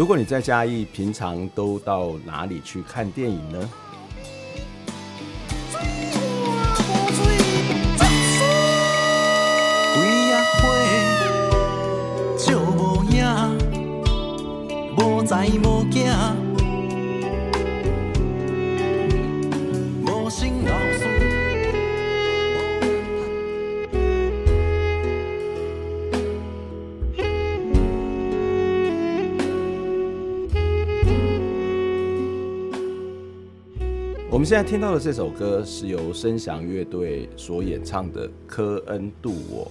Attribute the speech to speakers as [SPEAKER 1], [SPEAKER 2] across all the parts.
[SPEAKER 1] 如果你在嘉義，平常都到哪裡去看電影呢？現在聽到的這首歌是由生祥樂隊所演唱的《科恩度我》。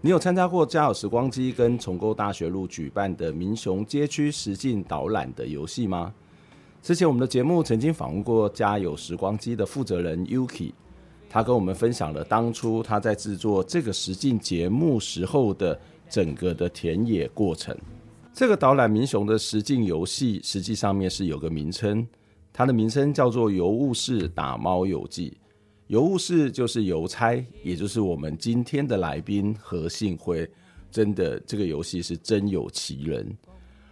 [SPEAKER 1] 你有參加過嘉有時光跡跟重構大學路舉辦的民雄街區實境導覽的遊戲嗎？之前我們的節目曾經訪問過嘉有時光跡的負責人 Yuki。他跟我們分享了當初他在製作這個實境節目時候的整個的田野過程。這個導覽民雄的實境遊戲實際上面是有個名稱，它的名稱叫做《郵務士打貓遊記》。郵務士就是郵差，也就是我們今天的來賓何信輝。真的，這個遊戲是真有其人。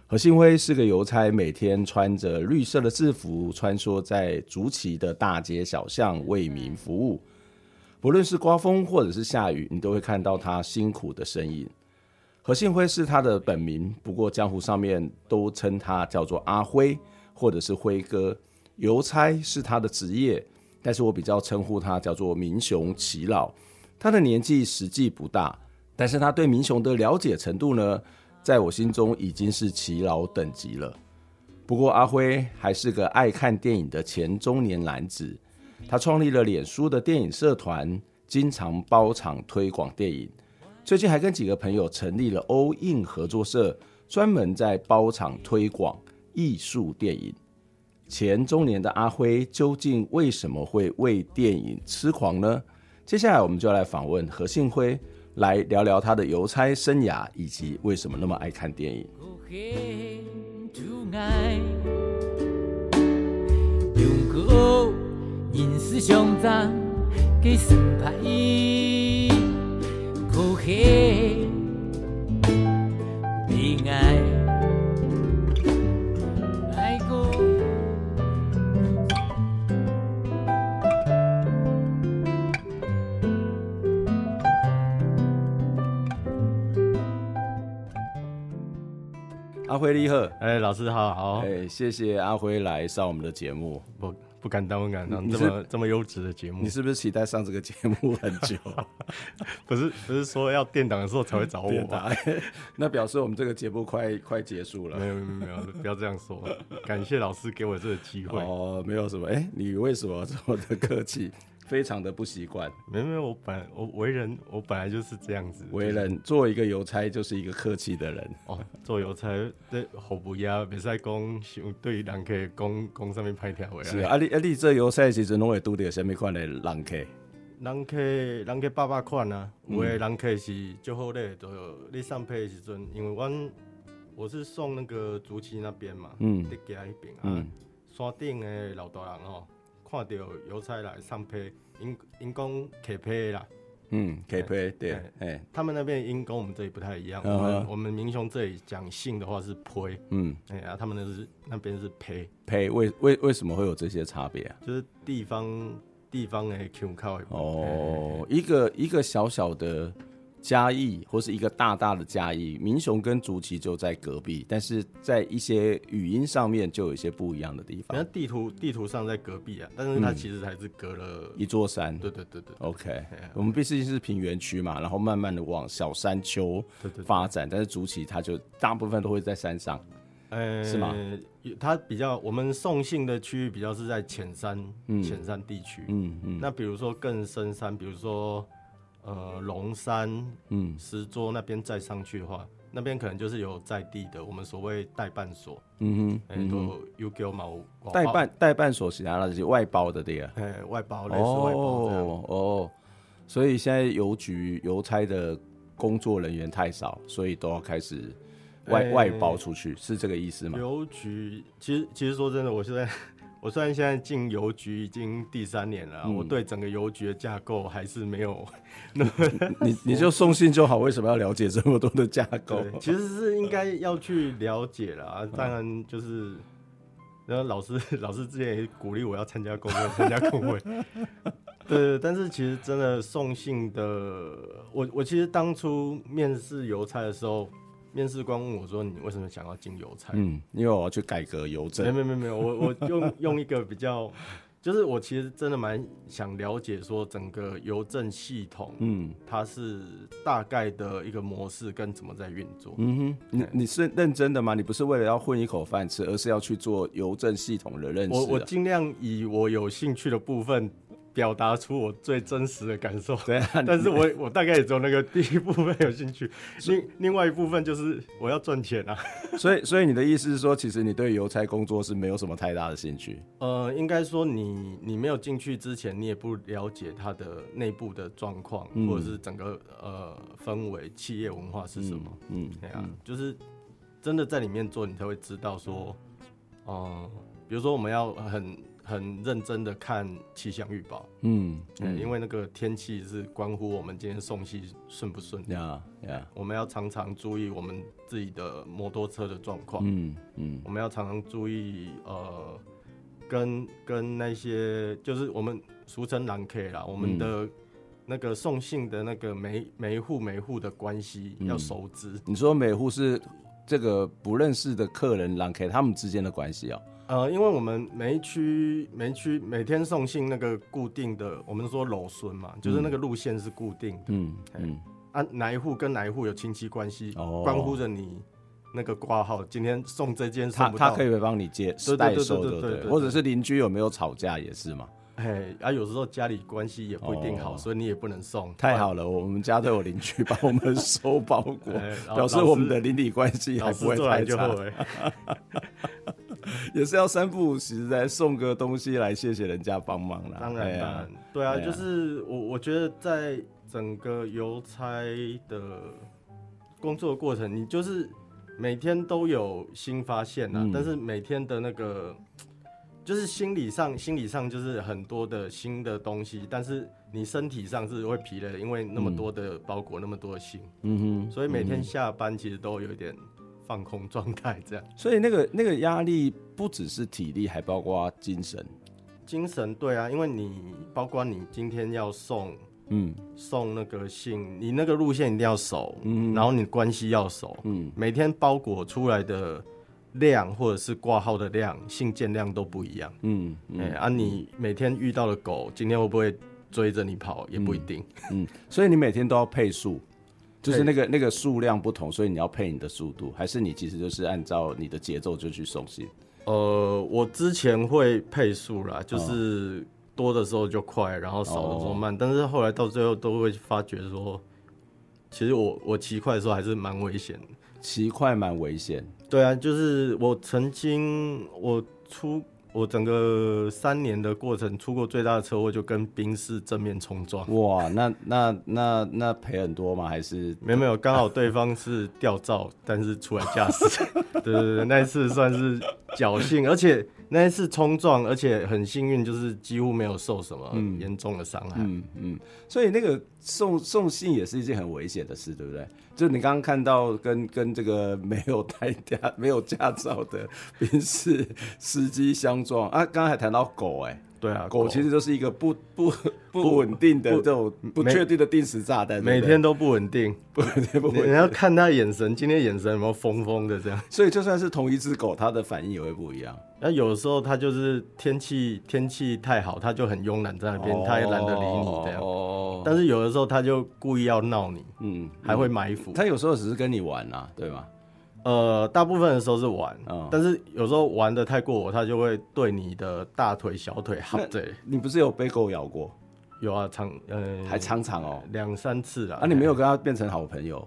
[SPEAKER 1] 何信輝是個郵差，每天穿着綠色的制服，穿梭在竹崎的大街小巷，為民服務。不論是刮風或者是下雨，你都會看到他辛苦的身影。何信輝是他的本名，不過江湖上面都稱他叫做阿輝，或者是輝哥。郵差是他的職業，但是我比較稱呼他叫做民雄耆老。他的年紀實際不大，但是他對民雄的了解程度呢，在我心中已經是耆老等級了。不過阿輝還是個愛看電影的前中年男子。他創立了臉書的電影社團，經常包場推廣電影。最近還跟幾個朋友成立了 All in 合作社，專門在包場推廣藝術電影。前中年的阿輝究竟為什麼會為電影痴狂呢？接下來我們就來訪問何信輝，來聊聊他的郵差生涯，以及為什麼那麼愛看電影。
[SPEAKER 2] Okay, tonight, 認識上長，加心拍意，可
[SPEAKER 3] 惜愛愛過。
[SPEAKER 1] 阿輝你好，哎、欸，老師好，好，欸、謝謝阿輝來上我們的節目，不。不敢當，不敢當，這麼這麼優質的節目，你是不是期待上這個節目很久？
[SPEAKER 4] 不是，不是說要電檔的時候才會找我吧？ 啊、那表示我們這個節
[SPEAKER 1] 目快 快結束了。沒有，沒有，沒有，不要這樣說， 感謝老師給我這個機會。哦，沒有什麼，哎，你為什麼這麼的客氣？非常的不習慣，沒沒，我本
[SPEAKER 4] 我為人，我本來就是這樣子，為人
[SPEAKER 1] 做一個郵差就是一個客氣
[SPEAKER 4] 的人哦。做郵差 對好不業，別賽講，想對人客講講什麼歹聽話。是啊，啊你
[SPEAKER 1] 啊你做郵差時陣，攏會拄到什麼款的人客？
[SPEAKER 4] 人客，人客爸爸款啊，有誒人客是足好咧都有，你上派時陣，因為我我是送那個竹崎那邊嘛，嗯，德佳那邊，啊，嗯、山頂誒老大人哦。看到油菜來上胚，因因公開坡啦。嗯，
[SPEAKER 1] 開坡對，哎，他
[SPEAKER 4] 們，他們、嗯、那邊因跟我們這裡不太一樣。嗯、我們、啊嗯、我們民雄這裡講姓的話是胚，嗯。哎呀，他們那是那邊是胚，
[SPEAKER 1] 胚為為為什麼會有這些差別啊？
[SPEAKER 4] 就是地方地方的腔口。哦，欸、
[SPEAKER 1] 一個一個小小的。嘉義或是一個大大的嘉義，民雄跟竹崎，就在隔壁，但是在一些語音上面就有一些不一樣的地方。
[SPEAKER 4] 那地圖地圖上在隔壁啊，但是它其實還是隔了、嗯、一座山。對對對對。OK, yeah, okay.
[SPEAKER 1] 我們畢竟是平原區嘛，然後慢慢的往小山丘發展，對對對，但是竹崎它就大部分都會在山上，
[SPEAKER 4] 呃、欸，是嗎？它比較我們送信的區域比較是在淺山，嗯、淺山地區、嗯。嗯嗯。那比如說更深山，比如說。呃，龍山，嗯，石桌那邊再上去的話，嗯、那邊可能就是有在地的，我們所謂代辦所，嗯，很多、嗯欸，都郵局嘛，代辦
[SPEAKER 1] 代辦所是拿了外包的對呀，哎，外包的、類似外包、欸、哦哦，所以現在郵局郵差的工作人員太少，所以都要開始外、欸、外包出去，是這個意思嗎？
[SPEAKER 4] 郵局其實其實說真的，我現在。我雖然現在進郵局已經第三年了，嗯、我對整個郵局的架構還是沒有
[SPEAKER 1] 那麼。你你就送信就好，為什麼要了解這麼多的架構？對，其實
[SPEAKER 4] 是應該要去了解啦。當然就是，嗯、老師老師之前也鼓勵我要參加工會，參加工會。 對，但是其實真的送信的，我我其實當初面試郵差的時候。面試官問我說：“你為什麼想要進郵差？嗯，
[SPEAKER 1] 因為我要去改革郵政。沒沒沒沒，我我
[SPEAKER 4] 用 用一個比較，就是我其實真的蠻想了解說整個郵政系統，嗯，它是大概的一個模式跟怎麼在運作。嗯哼，
[SPEAKER 1] 對你你是認真的嗎？你不是為了要混一口飯吃，而是要去做郵政系統的認識？我我盡
[SPEAKER 4] 量以我有興趣的部分。”表達出我最真實的感受，對啊。但是我我大概也只有那個第一部分有興趣，另另外一部分就是我要賺錢啊。
[SPEAKER 1] 所以所以你的意思是說，其實你對郵差工作是沒有什麼太大的興趣？
[SPEAKER 4] 呃，應該說你你沒有進去之前，你也不了解它的內部的狀況，嗯、或者是整個呃氛圍、企業文化是什麼？嗯，嗯對啊，嗯、就是真的在裡面做，你才會知道說，嗯、呃，比如說我們要很。很認真的看氣象預報，嗯，嗯，因為那個天氣是關乎我們今天送信順不順利啊。Yeah, yeah. 我們要常常注意我們自己的摩托車的狀況，嗯，嗯嗯，我們要常常注意呃，跟跟那些就是我們俗稱人客啦，我們的那個送信的那個每每一戶每一戶的關係要熟知。
[SPEAKER 1] 嗯，你說每戶是這個不認識的客人人客他們之間的關係啊，喔？
[SPEAKER 4] 呃，因為我們每一區每一區每天送信那個固定的，我們都說樓孫嘛，就是那個路線是固定的。嗯嗯，啊，哪一戶跟哪一戶有親戚關係，關乎着你那個掛號，今天送這間收不到，他可以幫你接，代收的。對對對對對，或者是
[SPEAKER 1] 鄰居有沒有吵架也是嘛。
[SPEAKER 4] 哎，啊，有時候家裡關係也不一定好，所以你也不能送。
[SPEAKER 1] 太好了，我們家都有鄰居幫我們收包裹，表示我們的鄰里關係還不會太差。也是要三不五時來送個東西來謝謝人家幫忙啦，當然。當然，對啊，就是
[SPEAKER 4] 我我覺得在整個郵差的工作過程，你就是每天都有新發現吶、啊，嗯、但是每天的那個就是心理上心理上就是很多的新的東西，但是你身體上是會疲累，因為那麼多的包裹，嗯、那麼多的信。嗯哼，所以每天下班其實都有一點。放空狀態這樣，
[SPEAKER 1] 所以那個那個壓力不只是體力，還包括精神。
[SPEAKER 4] 精神對啊，因為你包括你今天要送，嗯，送那個信，你那個路線一定要熟，嗯，然後你關係要熟，嗯，每天包裹出來的量或者是掛號的量，信件量都不一樣，嗯，哎，嗯，欸，啊，你每天遇到的狗，今天會不會追着你跑也不一定，嗯，嗯，所以你每天都要配速。就是那個
[SPEAKER 1] Hey. 那個數量不同，所以你要配你的速度，還是你其實就是按照你的節奏就去送信？
[SPEAKER 4] 呃，我之前會配速啦，就是多的時候就快，oh. 然後少的時候慢。Oh. 但是後來到最後都會發覺說，其實我我騎快的時候還是蠻危險的，騎快蠻危險。對啊，就是我曾經我出。我整個三年的過程出過最大的車禍，就跟賓士正面衝撞。哇，那那那那賠很多嗎？還是沒有沒有，剛好對方是吊照， 但是出來駕駛。對對 對，那一次算是。僥倖，而且那一次衝撞，而且很幸運，就是幾乎沒有受什麼嚴重的傷害。嗯，
[SPEAKER 1] 嗯，嗯，所以那個送送信也是一件很危險的事，對不對？就你剛剛看到跟跟這個沒有帶駕、沒有駕照的兵士司機相撞啊，剛剛還談到
[SPEAKER 4] 狗哎、欸。對啊，狗其實
[SPEAKER 1] 就是一個不不不穩定的不這種不確定的定時
[SPEAKER 4] 炸彈，每，對不對？每天都不穩定， 不穩定，不穩定。你要看它眼神，今天眼神有沒有瘋瘋的這樣，所以就算是同一隻狗，它的反應也會不一樣。那、啊、有的時候它就是天氣天氣太好，它就很慵懶在那邊，它、哦、也懶得理你這樣。哦，但是有的時候它就故意要鬧你，嗯，還會埋伏。它、嗯、有時候只是跟你玩啊，對嗎？呃，大部分的時候是玩，哦、但是有時候玩的太過火，它就會對你的大腿、小腿好。對，你不是有被狗咬過？有啊，常呃還常常哦，兩三次啦。啊，你沒有跟它變成好朋友？欸、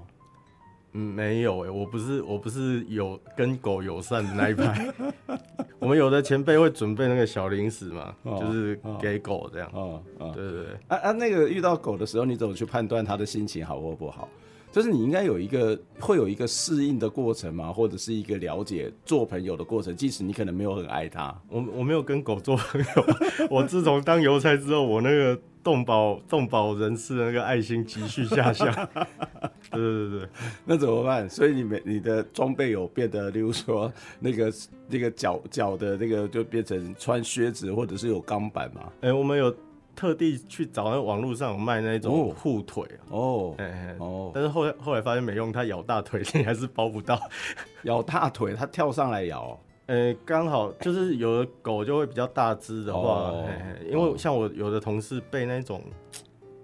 [SPEAKER 4] 嗯，沒有誒、欸，我不是，我不是有跟狗友善的那一派。 我們有的前輩會準備那個小零食嘛，哦、就是給狗這樣。啊啊、哦，哦、對對對。啊啊，那個遇到狗的時候，你怎麼去判
[SPEAKER 1] 斷它的心情好或不好？就是你應該有一個會有一個適應的過程嘛，或
[SPEAKER 4] 者是一個了解做朋友的過程，即使你可能沒有很愛它。我我沒有跟狗做朋友， 我自從當郵差之後，我那個動保動保人士的那個愛心急速下降。 對對對對，那怎麼辦？所以你們你的裝備有
[SPEAKER 1] 變得，例如說那個那個腳腳的那個就變成穿靴子，或者是有
[SPEAKER 4] 鋼板嗎？哎、欸，我們有。特地去找那網絡上有賣那種護腿哦，哎哎哦、欸，但是後來後來發現沒用，它咬大腿你還是包不到。咬大腿，它跳上來咬，呃、欸，剛好就是有的狗就會比較大隻的話、哦欸，因為像我有的同事被那種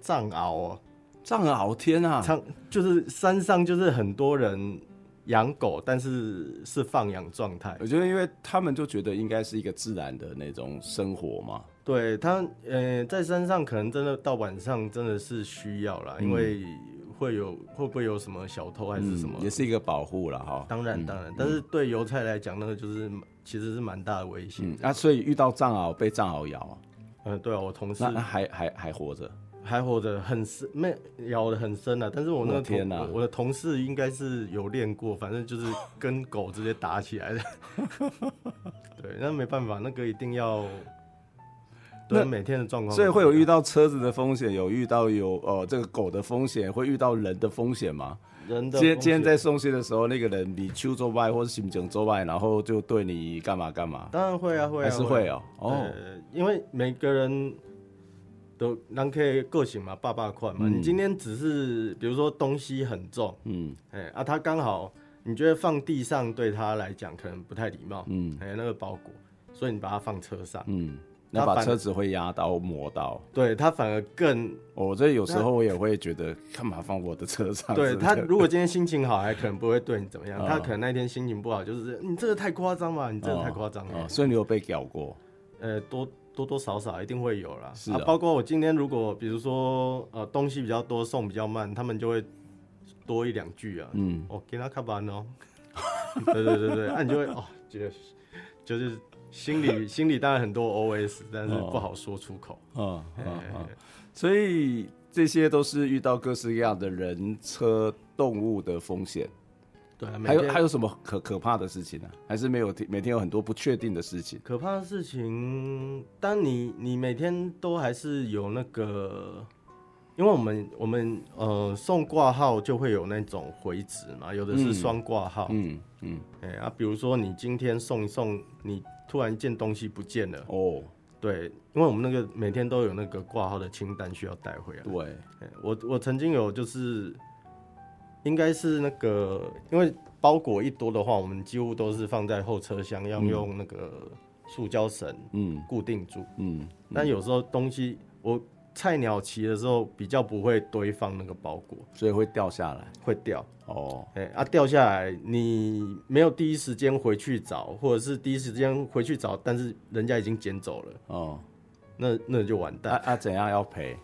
[SPEAKER 4] 藏獒哦，藏獒天吶、啊，藏就是山上就是很多人養狗，但是是放養狀態，我覺得因為他們就覺得應該是一個自然的那種生活嘛。對他，呃，在山上可能真的到晚上真的是需要啦，嗯、因為會有會不會有什麼小偷還是什麼，也是一個保護啦哈、哦。當然當然，嗯、但是對郵差來講，那個就是其實是蠻大的危險。嗯嗯啊、所以遇到藏獒被藏獒咬啊、呃？對啊，我同事那，那還還還活着，還活着，活着很，咬得很深沒咬得很深了，但是我的同那天我的同事應該是有練過，反正就是跟狗直接打起來的。 對，那沒辦法，那個一定要。對那每天的狀況，所以會
[SPEAKER 1] 有遇到車子的風險，有遇到有呃這個狗的風險，會遇到人的風險嗎？
[SPEAKER 4] 人的風險。今天今天在
[SPEAKER 1] 送信的時候，那個人你丘坐外，或是心情坐外，然後就對你幹嘛幹嘛？
[SPEAKER 4] 當然會啊，嗯、會啊，還是會哦。因為每個人都啷個個性嘛，百百款嘛。嗯、你今天只是比如說東西很重，嗯哎啊，他剛好你覺得放地上對他來講可能不太禮貌，嗯還有、哎、那個包裹，所以你把它放車上，嗯。他把車子
[SPEAKER 1] 會壓到磨到，他對他反而更。我這、哦、有時候我也會覺得，幹嘛放我的車上？對他，對他如果
[SPEAKER 4] 今天心情好，還可能不會對你怎麼樣。哦、他可能那一天心情不好，就是、嗯、這個、你這個太誇張嘛，你這個太誇張了。所
[SPEAKER 1] 以你有被屌過？
[SPEAKER 4] 呃，多多多少少一定會有啦。是哦、啊，包括我今天如果比如說呃東西比較多，送比較慢，他們就會多一兩句啊。嗯，我給他看板哦。哦 對對對對，那、啊、你就會哦，就是就是。心裡 心裡當然很多 OS，但是不好說出口啊啊。所以這些都是遇到
[SPEAKER 1] 各式各樣的人、車、動物的風險。對，還有還有什麼可
[SPEAKER 4] 可怕的事情呢、啊？還是沒有每天有很多不確定的事情。可怕的事情，當你你每天都還是有那個，因為我們我們呃送掛號就會有那種回執嘛，有的是雙掛號，嗯嗯，哎、嗯嗯欸、啊，比如說你今天送一送你。突然間東西不見了哦，oh. 對，因為我們那個每天都有那個掛號的清單需要帶回來。對，對，我我曾經有就是，應該是那個，因為包裹一多的話，我們幾乎都是放在後車廂，要用那個塑膠繩嗯固定住嗯，嗯嗯嗯但有時候東西我。菜鳥騎的時候比較不會堆放那個包裹，所以會掉下來，會掉哦。欸、啊，掉下來，你沒有第一時間回去找，或者是第一時間回去找，但是人家已經撿走了哦，那那就完蛋。啊，啊怎樣要賠？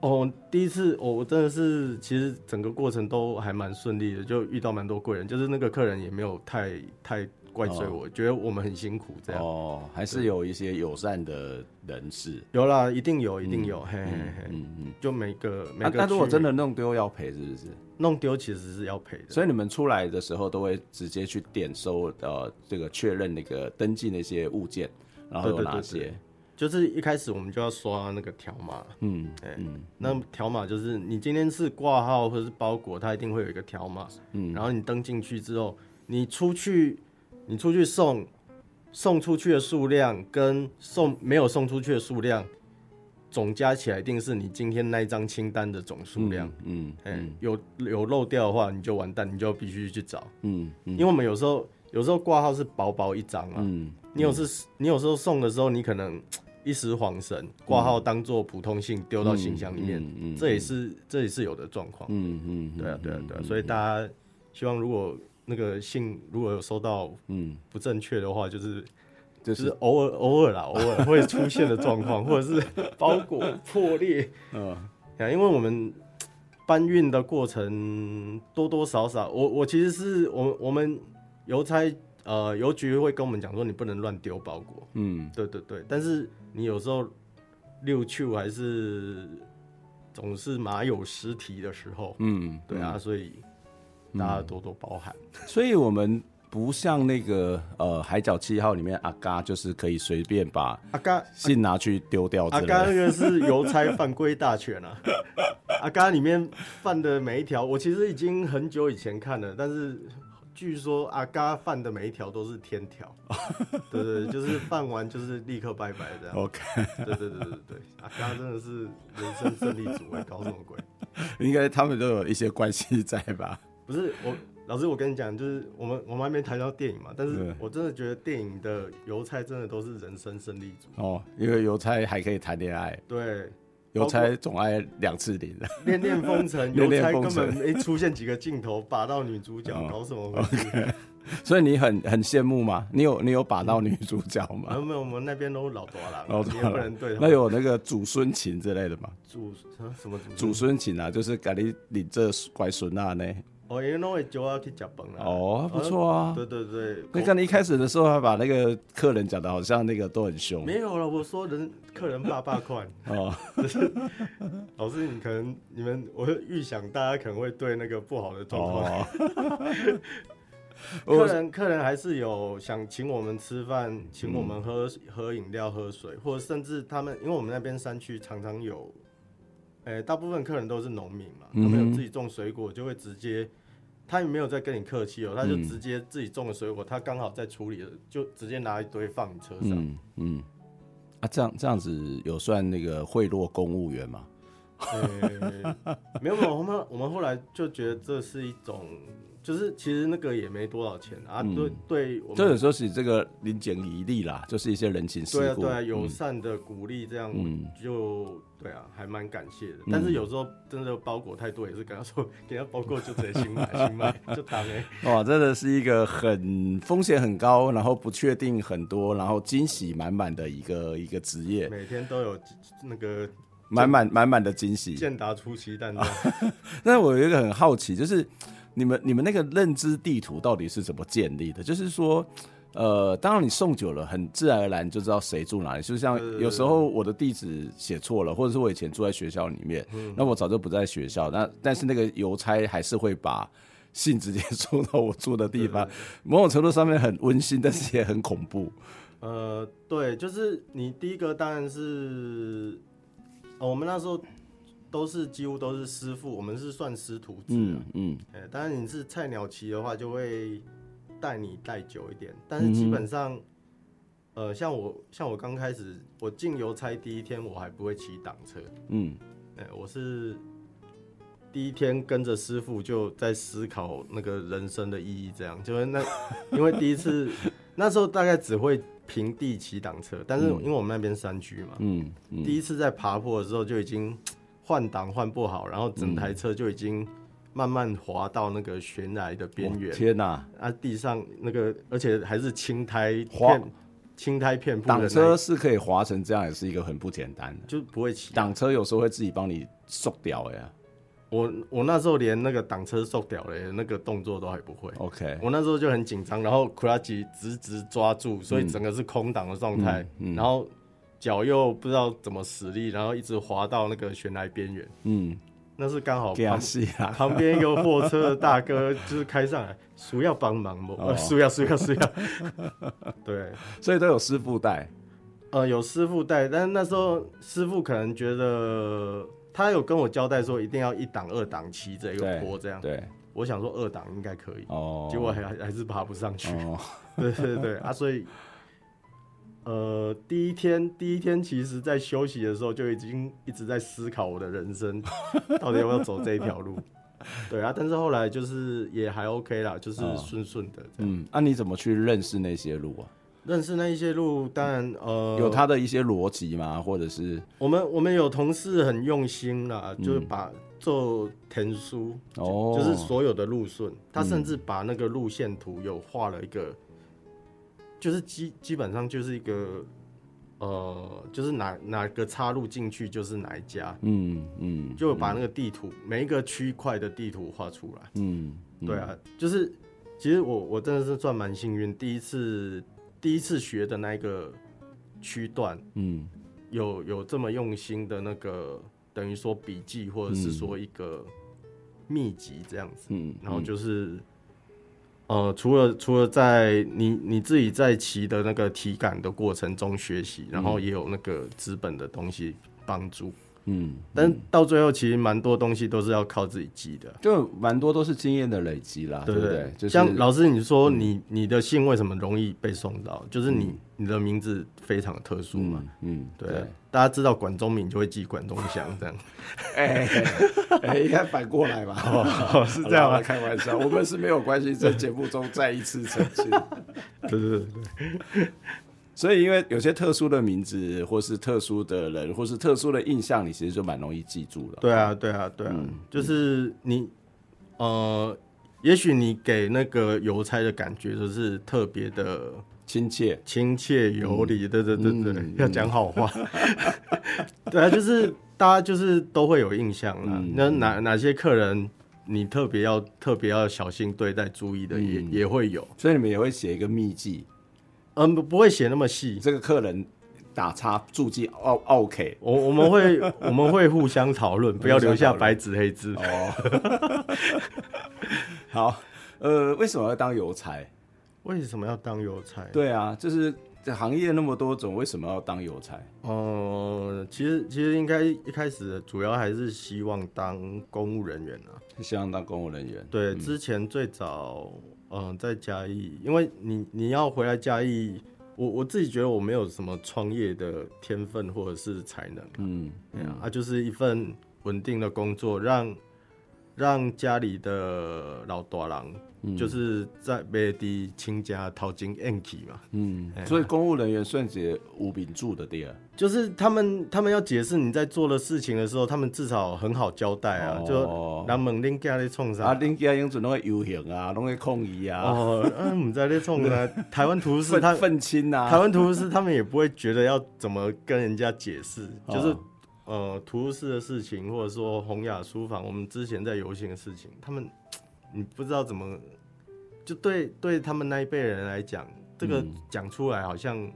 [SPEAKER 4] 哦，第一次我我、哦、真的是，其實整個過程都還蠻順利的，就遇到蠻多貴人，就是那個客人也沒有太太。怪罪，我覺得我們很辛苦，這樣哦，還是有一些友善的人士，有啦，一定有，一定有，嘿嘿嘿，嗯嗯，就每個每個。但如果真的弄丟要賠是不是？弄丟其實是要賠
[SPEAKER 1] 的。所以你們出來的時候都會直接去點收呃、這個確認那個登記那些物件，然後有哪些？
[SPEAKER 4] 就是一開始我們就要刷那個條碼，嗯嗯，那條碼就是你今天是掛號或者是包裹，它一定會有一個條碼，嗯，然後你登進去之後，你出去。你出去送，送出去的數量跟送沒有送出去的數量，總加起來一定是你今天那一張清單的總數量嗯。嗯，哎、欸，有有漏掉的話，你就完蛋，你就必須去找。嗯，嗯，因為我們有時候有時候掛號是薄薄一張嘛。嗯。你有時、嗯、你有時候送的時候，你可能一時恍神，掛號當做普通信丟到信箱裡面。嗯。嗯嗯，這也是這也是有的狀況、嗯。嗯嗯對、啊。對啊對啊對啊，所以大家希望如果。那個信如果有收到，嗯，不正確的話，就是嗯，就是就是偶爾偶爾啦，偶爾會出現的狀況， 或者是包裹破裂，嗯，因為我們搬運的過程多多少少，我我其實是我們我們郵差呃郵局會跟我們講說，你不能亂丟包裹，嗯，對對對，但是你有時候六七還是總是馬有失蹄的時候，嗯，對啊，所以。大家多多包涵、嗯。
[SPEAKER 1] 所以，我們不像那個呃《海角七號》裡面阿嘎，就是可以隨便把阿嘎信拿去丟掉的、啊。阿、啊啊、嘎那個是郵差
[SPEAKER 4] 犯規大全啊！阿、 啊、嘎裡面犯的每一條，我其實已經很久以前看了，但是據說阿嘎犯的每一條都是天條。 對,對對，就是犯完就是立刻拜拜這樣。OK， 對對對對對，阿、啊、嘎真的是人生勝利組，還搞什麼鬼？
[SPEAKER 1] 應該他們都有一些關係在吧？
[SPEAKER 4] 不是我老師，我跟你講，就是我們我們還沒談到電影嘛。但是我真的覺得電影的郵差真的都是人生勝利組
[SPEAKER 1] 哦，因為郵差還可以談戀愛。對，郵差總按兩次鈴。戀戀
[SPEAKER 4] 風塵，郵差根本沒出現幾個鏡頭，把到女主角，哦，搞什麼回事？Okay,
[SPEAKER 1] 所以你很很羨慕嗎，你有你有把到女主角嗎，嗯？沒
[SPEAKER 4] 有，沒有，我們那邊都老多了，老多了，那有
[SPEAKER 1] 那個祖孫情之類的嗎？
[SPEAKER 4] 祖什麼祖孫情？祖
[SPEAKER 1] 孫情啊，就是跟你領這乖孫，啊，那
[SPEAKER 4] 哦，因為那個酒去攪崩
[SPEAKER 1] 了。Oh, 哦，不錯啊。
[SPEAKER 4] 對對對，你
[SPEAKER 1] 看你一開始的時候還把那個客人講得好像那個都很凶。沒
[SPEAKER 4] 有了，我說人客人怕罰款。哦。Oh. 只是，老師，你可能你們，我預想大家可能會對那個不好的狀況。Oh. 客人客人還是有想請我們吃飯，請我們喝、嗯、喝飲料、喝水，或者甚至他們，因為我們那邊山區常常有。誒大部分客人都是農民嘛，他們有自己種水果，就會直接，他也沒有在跟你客氣哦，他就直接自己種的水果，嗯、他剛好在處理就直接拿一堆放你車上。嗯，
[SPEAKER 5] 嗯，啊，
[SPEAKER 1] 這樣這樣子有算那個賄賂公務員嗎？
[SPEAKER 4] 誒沒有沒有，我們我們後來就覺得這是一種。就是其實那個也沒多少錢啊，對、嗯、對，對我們就有時
[SPEAKER 1] 候是這個零撿一粒啦，就是一些人情世故、啊，對啊，友善
[SPEAKER 4] 的鼓勵這樣，嗯、就對啊，還蠻感謝的。嗯、但是有時候真的包裹太多，也是跟他說給他包裹就直接新買 新買就
[SPEAKER 1] 打沒。哇，真的是一個很風險很高，然後不確定很多，然後驚喜滿滿的一個一個職業。
[SPEAKER 4] 每天都有那個
[SPEAKER 1] 滿滿滿滿的驚喜，
[SPEAKER 4] 健達出奇蛋，但、
[SPEAKER 1] 啊。 那我有一個很好奇，就是。你們你們那個認知地圖到底是怎麼建立的？就是說，呃，當然你送久了，很自然而然就知道誰住哪裡。就像有時候我的地址寫錯了，或者是我以前住在學校裡面，嗯、那我早就不在學校，那但是那個郵差還是會把信直接送到我住的地方。嗯、某種程度上面很溫馨，但是也很恐怖。
[SPEAKER 4] 呃，對，就是你第一個當然是，哦、我們那時候。都是幾乎都是師傅，我們是算師徒
[SPEAKER 5] 制
[SPEAKER 4] 的、啊嗯。嗯當然、欸、你是菜鳥騎的話，就會帶你帶久一點。但是基本上，嗯、哼呃，像我像我剛開始我進郵差第一天我還不會騎擋車。嗯、欸，我是第一天跟着師傅就在思考那個人生的意義，這樣，因、就、為、是、那因為第一次 那時候大概只會平地騎擋車，但是因為我們那邊山區嘛嗯，嗯，第一次在爬坡的時候就已經。換擋換不好，然後整台車就已經慢慢滑到那個懸崖的邊緣、嗯哦。天哪、啊！啊，地上那個，而且還是青苔片，滑青苔片。擋車
[SPEAKER 1] 是可以滑成這
[SPEAKER 4] 樣，也是一個很不簡單的，就不會騎擋、啊、車有時候會自己幫你送掉哎、啊。我我那時候連那個擋車送掉的那個動作都還不會。OK。我那時候就很緊張，然後 clutch 直直抓住，所以整個是空擋的狀態，嗯嗯嗯、然後。腳又不知道怎麼使力，然後一直滑到那個懸崖邊緣。嗯，那是剛好旁邊一個貨車的大哥就是開上來，說 要幫忙嘛，說要說要說要。需要 對，所以都有師傅帶。呃，有師傅帶，但是那時候師傅可能覺得他有跟我交代說一定要一檔、二檔騎着一個坡這樣。對，對我想說二檔應該可以。哦，結果還還是爬不上去。哦，對對對，對啊，所以。呃，第一天，第一天，其實在休息的時候，就已經一直在思考我的人生，到底要不要走這一條路。 對啊，但是後來就是也還 OK 啦，就是順順的。哦。嗯，那、
[SPEAKER 1] 啊、你怎麼去認識那些路啊？
[SPEAKER 4] 認識那一些路，當然呃，有他
[SPEAKER 1] 的一些邏輯嘛，或者是
[SPEAKER 4] 我們我們有同事很用心啦，就是把做田書，嗯、就，就是所有的路順，他甚至把那個路線圖有畫了一個。就是基基本上就是一個，呃，就是哪哪個岔路進去就是哪一家，嗯嗯，
[SPEAKER 5] 嗯就把那
[SPEAKER 4] 個地圖、嗯、每一個區塊的地圖畫出來，嗯，
[SPEAKER 5] 嗯對啊，
[SPEAKER 4] 就是其實我我真的是算蠻幸運，第一次第一次學的那一個區段，嗯，有有這麼用心的那個等於說筆記或者是說一個秘籍這樣子，嗯，然後就是。嗯嗯呃，除了除了在你你自己在騎的那個體感的過程中學習，嗯、然後也有那個資本的東西幫助。嗯，但到最後其實蠻多東西都是要靠自己記的，就蠻多都是經驗的累積啦，對不對？像老師你說，你你的信為什麼容易被送到？就是你你的名字非常特殊嘛，嗯，對，大家知道管中閔就會寄管中祥這樣，哎哎，應該反過來吧？是這樣嗎？開玩笑，我們是沒有關係，在
[SPEAKER 1] 節目中再一次澄清，對對對對。所以，因為有些特殊的名字，或是特殊的人，或是特殊的印象，你其實就蠻容易記住了。對啊，對啊，對啊，
[SPEAKER 4] 就是你呃，也許你給那個郵差的感覺就是特別的親切，親切有禮，對對對對，要講好話。對啊，就是大家就是都會有印象啦。那哪哪些客人你特別要特別要小心對待、注意的，也也會有。所以你們也會寫一個秘技。嗯，不會寫那麼細。這個客人打叉注
[SPEAKER 1] 記，OK。我、OK oh, 我們會我
[SPEAKER 4] 們會互相討論， 不要留下白紙黑字。哦。 oh. 好，
[SPEAKER 1] 呃，為什麼要當郵差？
[SPEAKER 4] 為什麼要當郵差？對啊，就是行業那麼多種，為什麼要當郵差？嗯，其實其實應該一開始主要還是希望當公務人員啊，希望當公務人員。對，嗯、之前最早。嗯，在嘉義，因為你你要回來嘉義，我我自己覺得我沒有什麼創業的天分或者是才能，啊，嗯，對啊，啊就是一份穩定的工作讓。讓家裡的老大人，就是在外地親家掏錢硬氣嘛。嗯，哎、呀所以公務人員算是無名著的第二。就是他們，他們要解釋你在做的事情的時候，他們至少很好交代啊。哦、就人問你們，那猛丁家的衝啥？啊，家加用做那個遊行啊，弄個抗議啊。哦，嗯，唔知咧台灣圖師。他憤青啊。台灣圖師他們也不會覺得要怎麼跟人家解釋，哦、就是。呃，圖書室的事情，或者說洪雅書房，我們之前在遊行的事情，他們，你不知道怎麼，就對對他們那一輩人來講，這個講出來好像，嗯、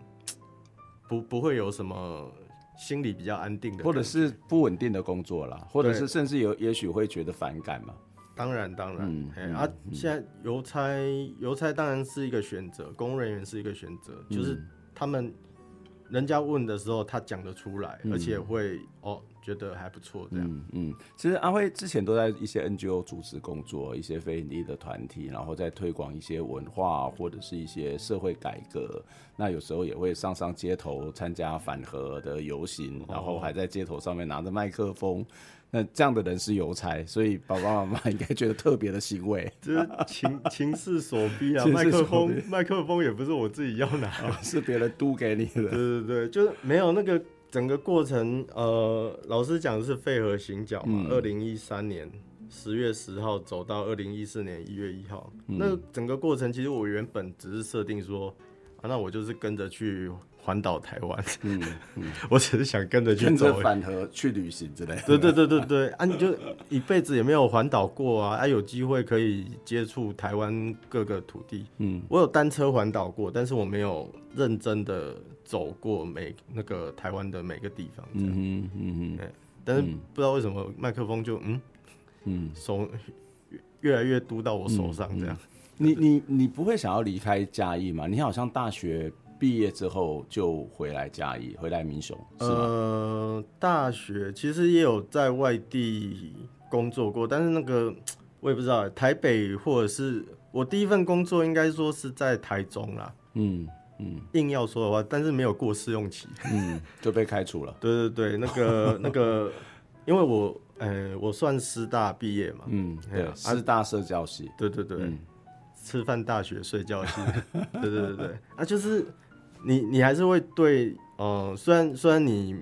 [SPEAKER 4] 不不會有什麼心裡比較安定的，或者是不穩定的工作啦，或者是甚至有對也許會覺得反感嘛？當然當然，啊，嗯、現在郵差郵差當然是一個選擇，公務人員是一個選擇，就是他們。人家問的時候，他講得出來，而且會、嗯、哦覺得還不錯這樣嗯。
[SPEAKER 1] 嗯，其實阿輝之前都在一些 NGO 組織工作，一些非盈利的團體，然後在推廣一些文化或者是一些社會改革。那有時候也會上上街頭參加反核的遊行，然後還在街頭上面拿着麥克風。那這樣的人是郵差，所以爸爸媽媽應該覺得特別的欣慰 。
[SPEAKER 4] 就是情情勢所逼啊，麥克風麥 克風也不是我自己要拿， 是別人嘟給你的。對對對，就是沒有那個整個過程。呃，老師講的是廢核行腳嘛，二零一三年十月十號走到二零一四年一月一號，嗯、那整個過程其實我原本只是設定說、啊，那我就是跟着去。環島台灣，嗯，嗯，我只是想跟着去走，跟着反核去旅行之類。對對對對對， 啊，你就一輩子也沒有環島過啊，啊，有機會可以接觸台灣各個土地。嗯，我有單車環島過，但是我沒有認真的走過每那個台灣的每個地方這樣，嗯。嗯嗯嗯嗯。但是不知道為什麼麥克風就嗯嗯，手越來越嘟到我手上這樣。嗯嗯。你你你不會想要離開
[SPEAKER 1] 嘉義嘛？你好像大學。畢業之後就回來嘉義，回來民雄，呃，
[SPEAKER 4] 大學其實也有在外地工作過，但是那個我也不知道，台北或者是我第一份工作應該說是在台中啦，嗯嗯，硬要說的話，但是沒有過試用期，
[SPEAKER 5] 嗯，
[SPEAKER 4] 就被開除了，對對對，那個那個，因為我，哎，我算師大畢業嘛，嗯，對，師大社教系，對對對，吃飯大學，睡覺系，對對對，啊就是。你你還是會對，呃，雖然雖然你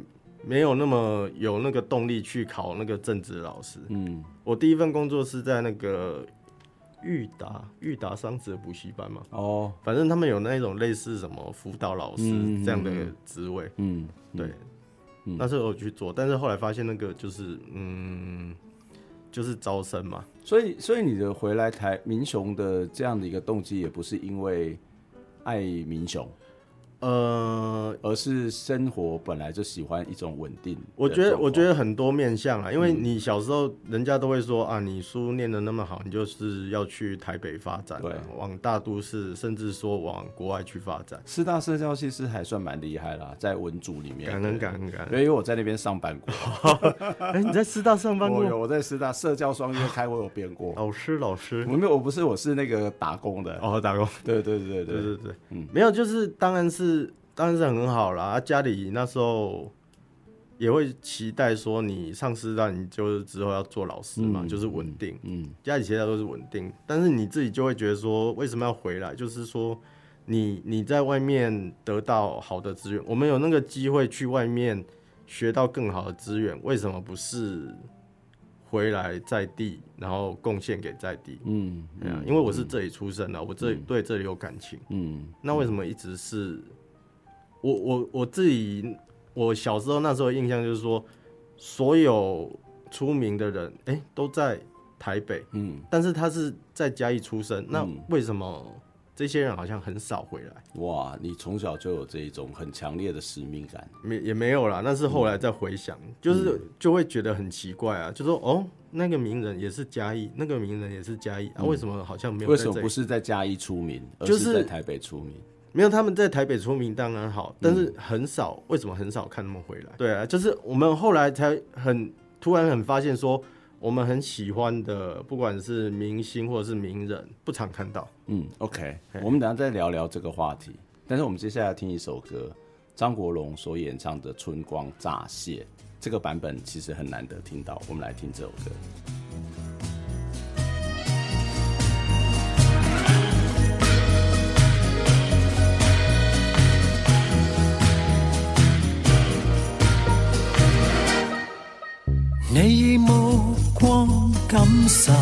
[SPEAKER 4] 沒有那麼有那個動力去考那個正職老師，嗯，我第一份工作是在那個裕達裕達商職的補習班嘛，哦，反正他們有那種類似什麼輔導老師這樣的職位，嗯，嗯，嗯對，嗯嗯、那時候我去做，但是後來發現那個就是嗯，就是招生嘛，所以
[SPEAKER 1] 所以你的回來台民雄的這樣的一個動機，也不是因為
[SPEAKER 4] 愛民雄。呃，而是生活本來就喜歡一種穩定。我覺得，我覺得很多面向啊，因為你小時候人家都會說啊，你書念得那麼好，你就是要去台北發展，對，往大都市，甚至說往國外去發展。師大社教其實還算蠻厲害啦，在文組裡面，感恩感
[SPEAKER 1] 恩，因為我在那邊上班過。哎、 欸，你在師大上班過？我有，我在師大社教雙
[SPEAKER 4] 月開我有編過。老師，老師，我沒有，我不是，我是那個打工的。哦，打工。對對對對對對，對對，嗯，沒有，就是當然是。是，當然是很好啦。家裡那時候也會期待說，你上師讓你就是之後要做老師嘛，嗯、就是穩定嗯。嗯，家裡其實都是穩定，但是你自己就會覺得說，為什麼要回來？就是說你，你你在外面得到好的資源，我們有那個機會去外面學到更好的資源，為什麼不是回來在地，然後貢獻給在地？嗯，嗯，因為我是這裡出生的，嗯、我這裡、嗯、對這裡有感情。嗯，嗯，那為什麼一直是？我我我自己，我小時候那時候印象就是說，所有出名的人哎、欸、都在台北，嗯，但是他是在嘉義出生，嗯、那為什麼這些人好像很少回來？哇，你從小就有這一種很強烈的使命感？沒也沒有啦，那是後來再回想，嗯、就是就會覺得很奇怪啊，嗯、就說哦，那個名人也是嘉義，那個名人也是嘉義、嗯、啊，為什麼好像沒有？為什麼不是在嘉義出名，而是在台北出名？就是沒有，他們在台北出名當然好，但是很少。嗯、為什麼很少看他們回來？對啊，就是我們後來才很突然很發現說，說我們很喜歡的，不管是明星或者是名人，不常看到。嗯，OK，okay，我們等下再
[SPEAKER 1] 聊聊這個話題。嗯、但是我們接下來聽一首歌，張國榮所演唱的《春光乍洩》這個版本其實很難得聽到，我們來聽這首歌。
[SPEAKER 2] 感受。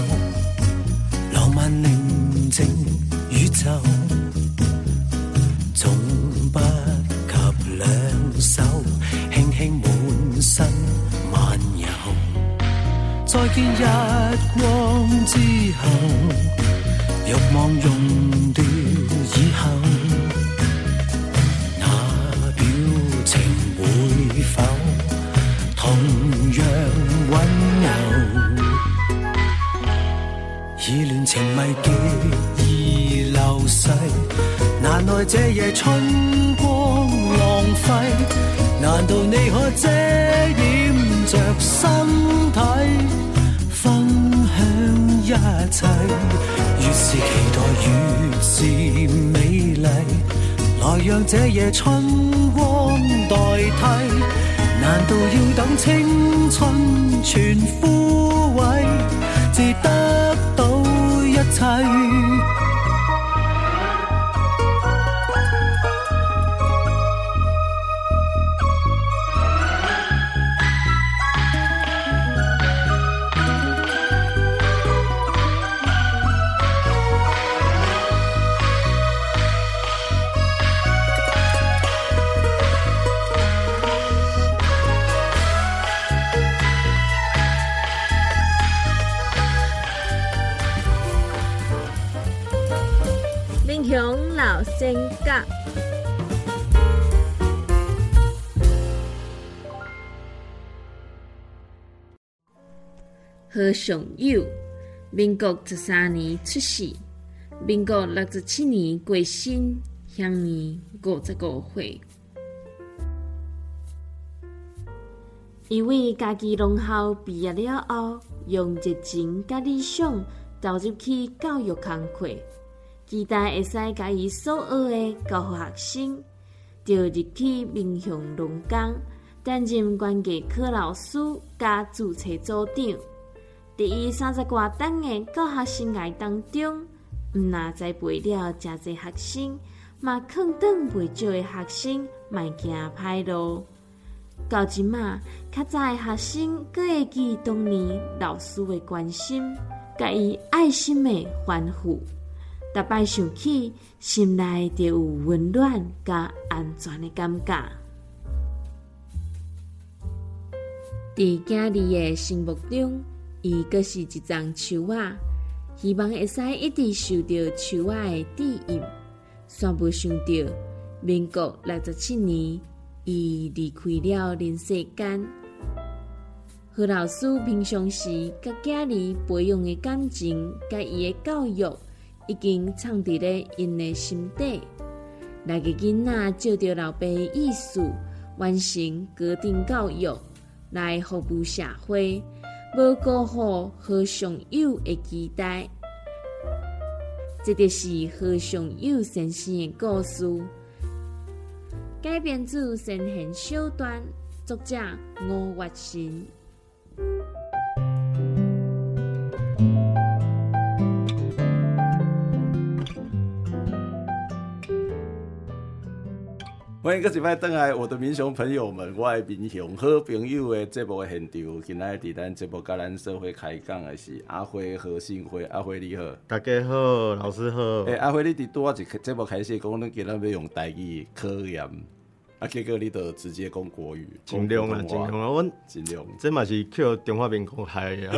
[SPEAKER 3] 何尚友，民國十三年出世，民國六十七年過身，享年五十五歲。因為家己農校畢業了後，用熱情佮理想投入去教育工作，期待會使家己所學個教學生，就入去民雄農工擔任會計科老師加注冊組長。第三十個等的教學生涯當中，唔哪在培養真儕學生，嘛肯等培養的學生，賣驚歹咯。到今嘛，卡在學生佫會記當年老師的關心，給予愛心嘅歡呼，大伯想起，心內就有溫暖加安全的感覺。在家裡的心目中。伊閣是一欉樹仔，希望會使一直受到樹仔的指引。煞無想到民國六十七年，伊離開了人世間。何老師平常時甲囝兒培養的感情，甲伊的教育，已經藏佇咧因的心底。來個囡仔照着老爸的意思完成高等教育，來服務社會。無辜負和尚友的期待，這就是和尚友神仙誒故事，改編自神仙小段，作者吳月心。
[SPEAKER 1] 歡迎各位回來，我的民雄朋友們，我的民雄好朋友的節目的現場，今仔日佇咱節目甲咱社會開講的是阿輝何信輝。阿輝你好，
[SPEAKER 4] 大家好，老師好。哎、欸，阿
[SPEAKER 1] 輝你佇多啊？一個節目開始講，你今日要用台語的科研。結果你得直接講國語，盡量啊，盡
[SPEAKER 4] 量，這嘛是 Q 電話邊講，嗨呀，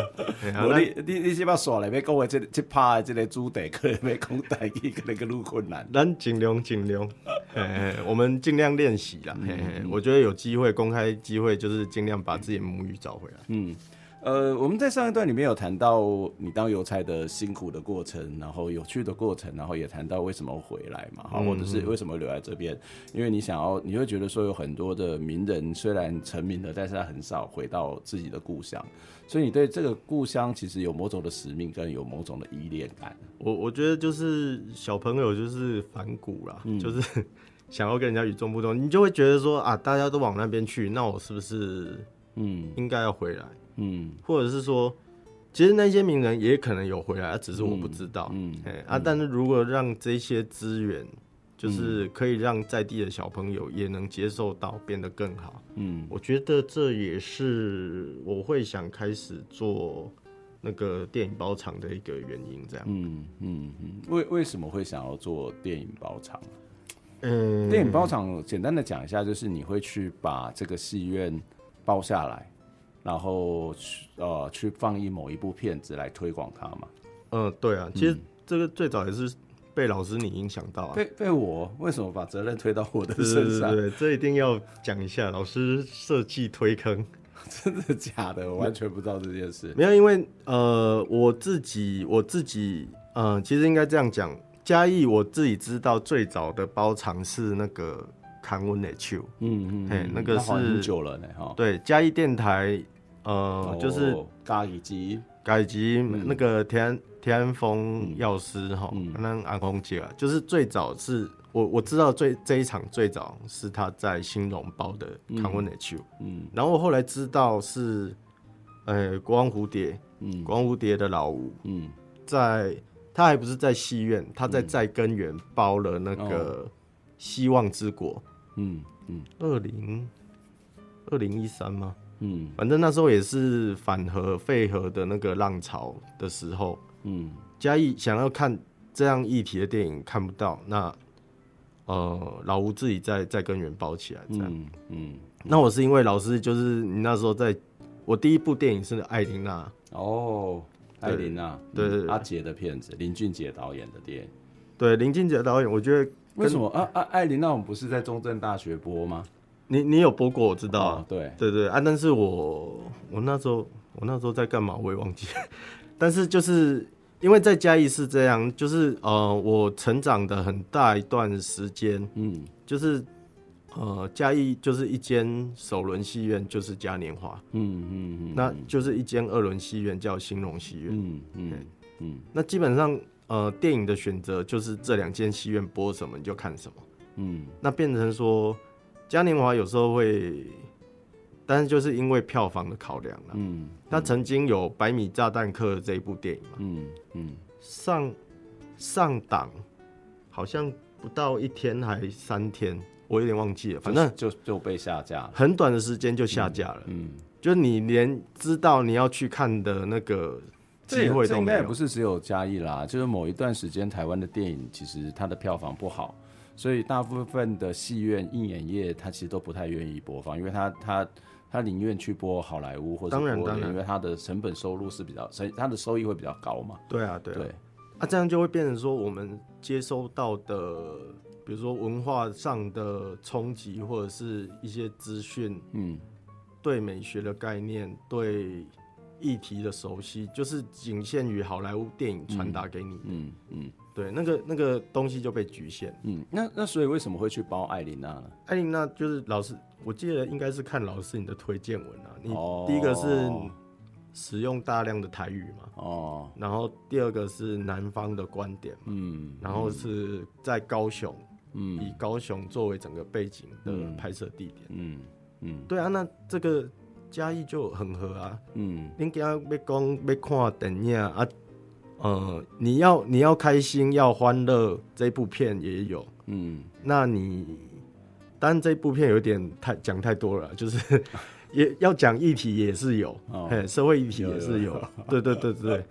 [SPEAKER 4] 你你你這不要耍嘞，別跟我這這趴的這個主題，別講台語，可能更加困難，咱盡量盡量，哎，我們盡量練習啦，我覺得有機會公開機會就是盡量把自己的母語找回來，嗯。呃，我們在上一段裡面有談到
[SPEAKER 1] 你當郵差的辛苦的過程，然後有趣的過程，然後也談到為什麼回來嘛，嗯、哼或者是為什麼留在這邊，因為你想要，你會覺得說有很多的名人雖然成名了，但是他很少回到自己的故鄉，所以你對這個故鄉其實有某種的
[SPEAKER 4] 使命，跟有某種的依戀感。我我覺得就是小朋友就是反骨啦，嗯、就是想要跟人家與眾不同，你就會覺得說啊，大家都往那邊去，那我是不是嗯應該要回來？嗯嗯，或者是說，其實那些名人也可能有回來，而只是我不知道。嗯，哎、嗯欸、啊，但是如果讓這些資源，嗯、就是可以讓在地的小朋友也能接受到，變得更好。嗯，我覺得這也是我會想開始做那個電影包場的一個原因。這樣嗯，嗯嗯，為為什麼會想要做電影包
[SPEAKER 1] 場？呃、
[SPEAKER 5] 嗯，電影
[SPEAKER 1] 包場簡單的講一下，就是你會去把這個戲院包下來。然後，呃，去放映某一部片子來推
[SPEAKER 4] 廣它嘛？嗯、呃，對啊，其實這個最早也是被老師你影響到啊。被被我為什麼把責任推到我的身上？對 這一定要講一下。老師設計推坑，真的 假的？我完全不知道這件事。 沒有，因為呃，我自己我自己，嗯、呃，其實應該這樣講。嘉義我自己知道最早的包場是那個《牽阮的手》。嗯嗯，嘿，那個是很久了呢哈。哦、對，嘉義電台。呃，就是改集改集那個天天風藥師哈，可能安公子啊，就是最早是我我知道最這一場最早是他在新龍包的《唐頓家》嗯，然後我後來知道是呃國王蝴蝶嗯，國王蝴蝶的老五嗯，在他還不是在戲院，他在在根源包了那個希望之國嗯，嗯二零二零一三嗎？嗯，反正那時候也是反核廢核的那個浪潮的時候，嗯，嘉義想要看這樣議題的電影看不到，那呃，老吳自己再再跟人包起來，這樣，嗯，嗯那我是因為老師就是你那時候在我第一部電影是艾、哦《艾琳娜》
[SPEAKER 1] 哦對，嗯《艾琳娜》對對阿杰的片子，林俊杰導演的電影，
[SPEAKER 4] 對，林俊杰導演，我覺得為什麼啊啊，啊《艾琳娜》我們不是在中正大學播嗎？你你有播過我知道，啊哦，對，對對對啊，但是我我那時候我那時候在幹嘛我也忘記，但是就是因為在嘉義是這樣，就是呃我成長的很大一段時間，嗯，就是呃嘉義就是一間首輪戲院就是嘉年華，嗯嗯嗯，嗯嗯嗯那就是一間二輪戲院叫興隆戲院，嗯嗯嗯，嗯嘿嗯那基本上呃電影的選擇就是這兩間戲院播什麼你就看什麼，嗯，那變成說。嘉年華有時候會，但是就是因為票房的考量了，嗯。嗯。他曾經有《白米炸彈客》這一部電影嘛？嗯嗯。嗯上上檔，好像不到一天還三天，我有點忘記了。反正就就，就，就被下架了。很短的時間就下架了。嗯。嗯就是你連知道你要去看的那個機會都沒有。這這也不
[SPEAKER 1] 是只有嘉義啦，就是某一段時間台灣的電影其實它的票房不好。所以大部分的戲院映演業，他其實都不太願意播放，因為他他
[SPEAKER 4] 他寧願去播
[SPEAKER 1] 好萊塢或者播當然，當然因為他的成本收入是比較，所以他的收益會比較
[SPEAKER 4] 高嘛。對啊，對啊。那對、啊、這樣就會變成說，我們接收到的，比如說文化上的衝擊或者是一些資訊，嗯，對美學的概念、對議題的熟悉，就是僅限於好萊塢電影傳達給你嗯。嗯嗯。對，那個那個東西就被局限。嗯，那那所以為什麼會去包艾琳娜呢？艾琳娜就是老師，我記得應該是看老師你的推薦文啊。你、哦、第一個是使用大量的台語嘛，哦，然後第二個是南方的觀點嘛，嗯，然後是在高雄，嗯，以高雄作為整個背景的拍攝地點，嗯嗯，嗯嗯對啊，那這個嘉義就很合啊，嗯，恁家要講要看電影啊。嗯，你要你要開心要歡樂，這部片也有，嗯，那你，但這部片有點太講太多了，就是也要講議題也是有，哎，社會議題也是有，對對對對對，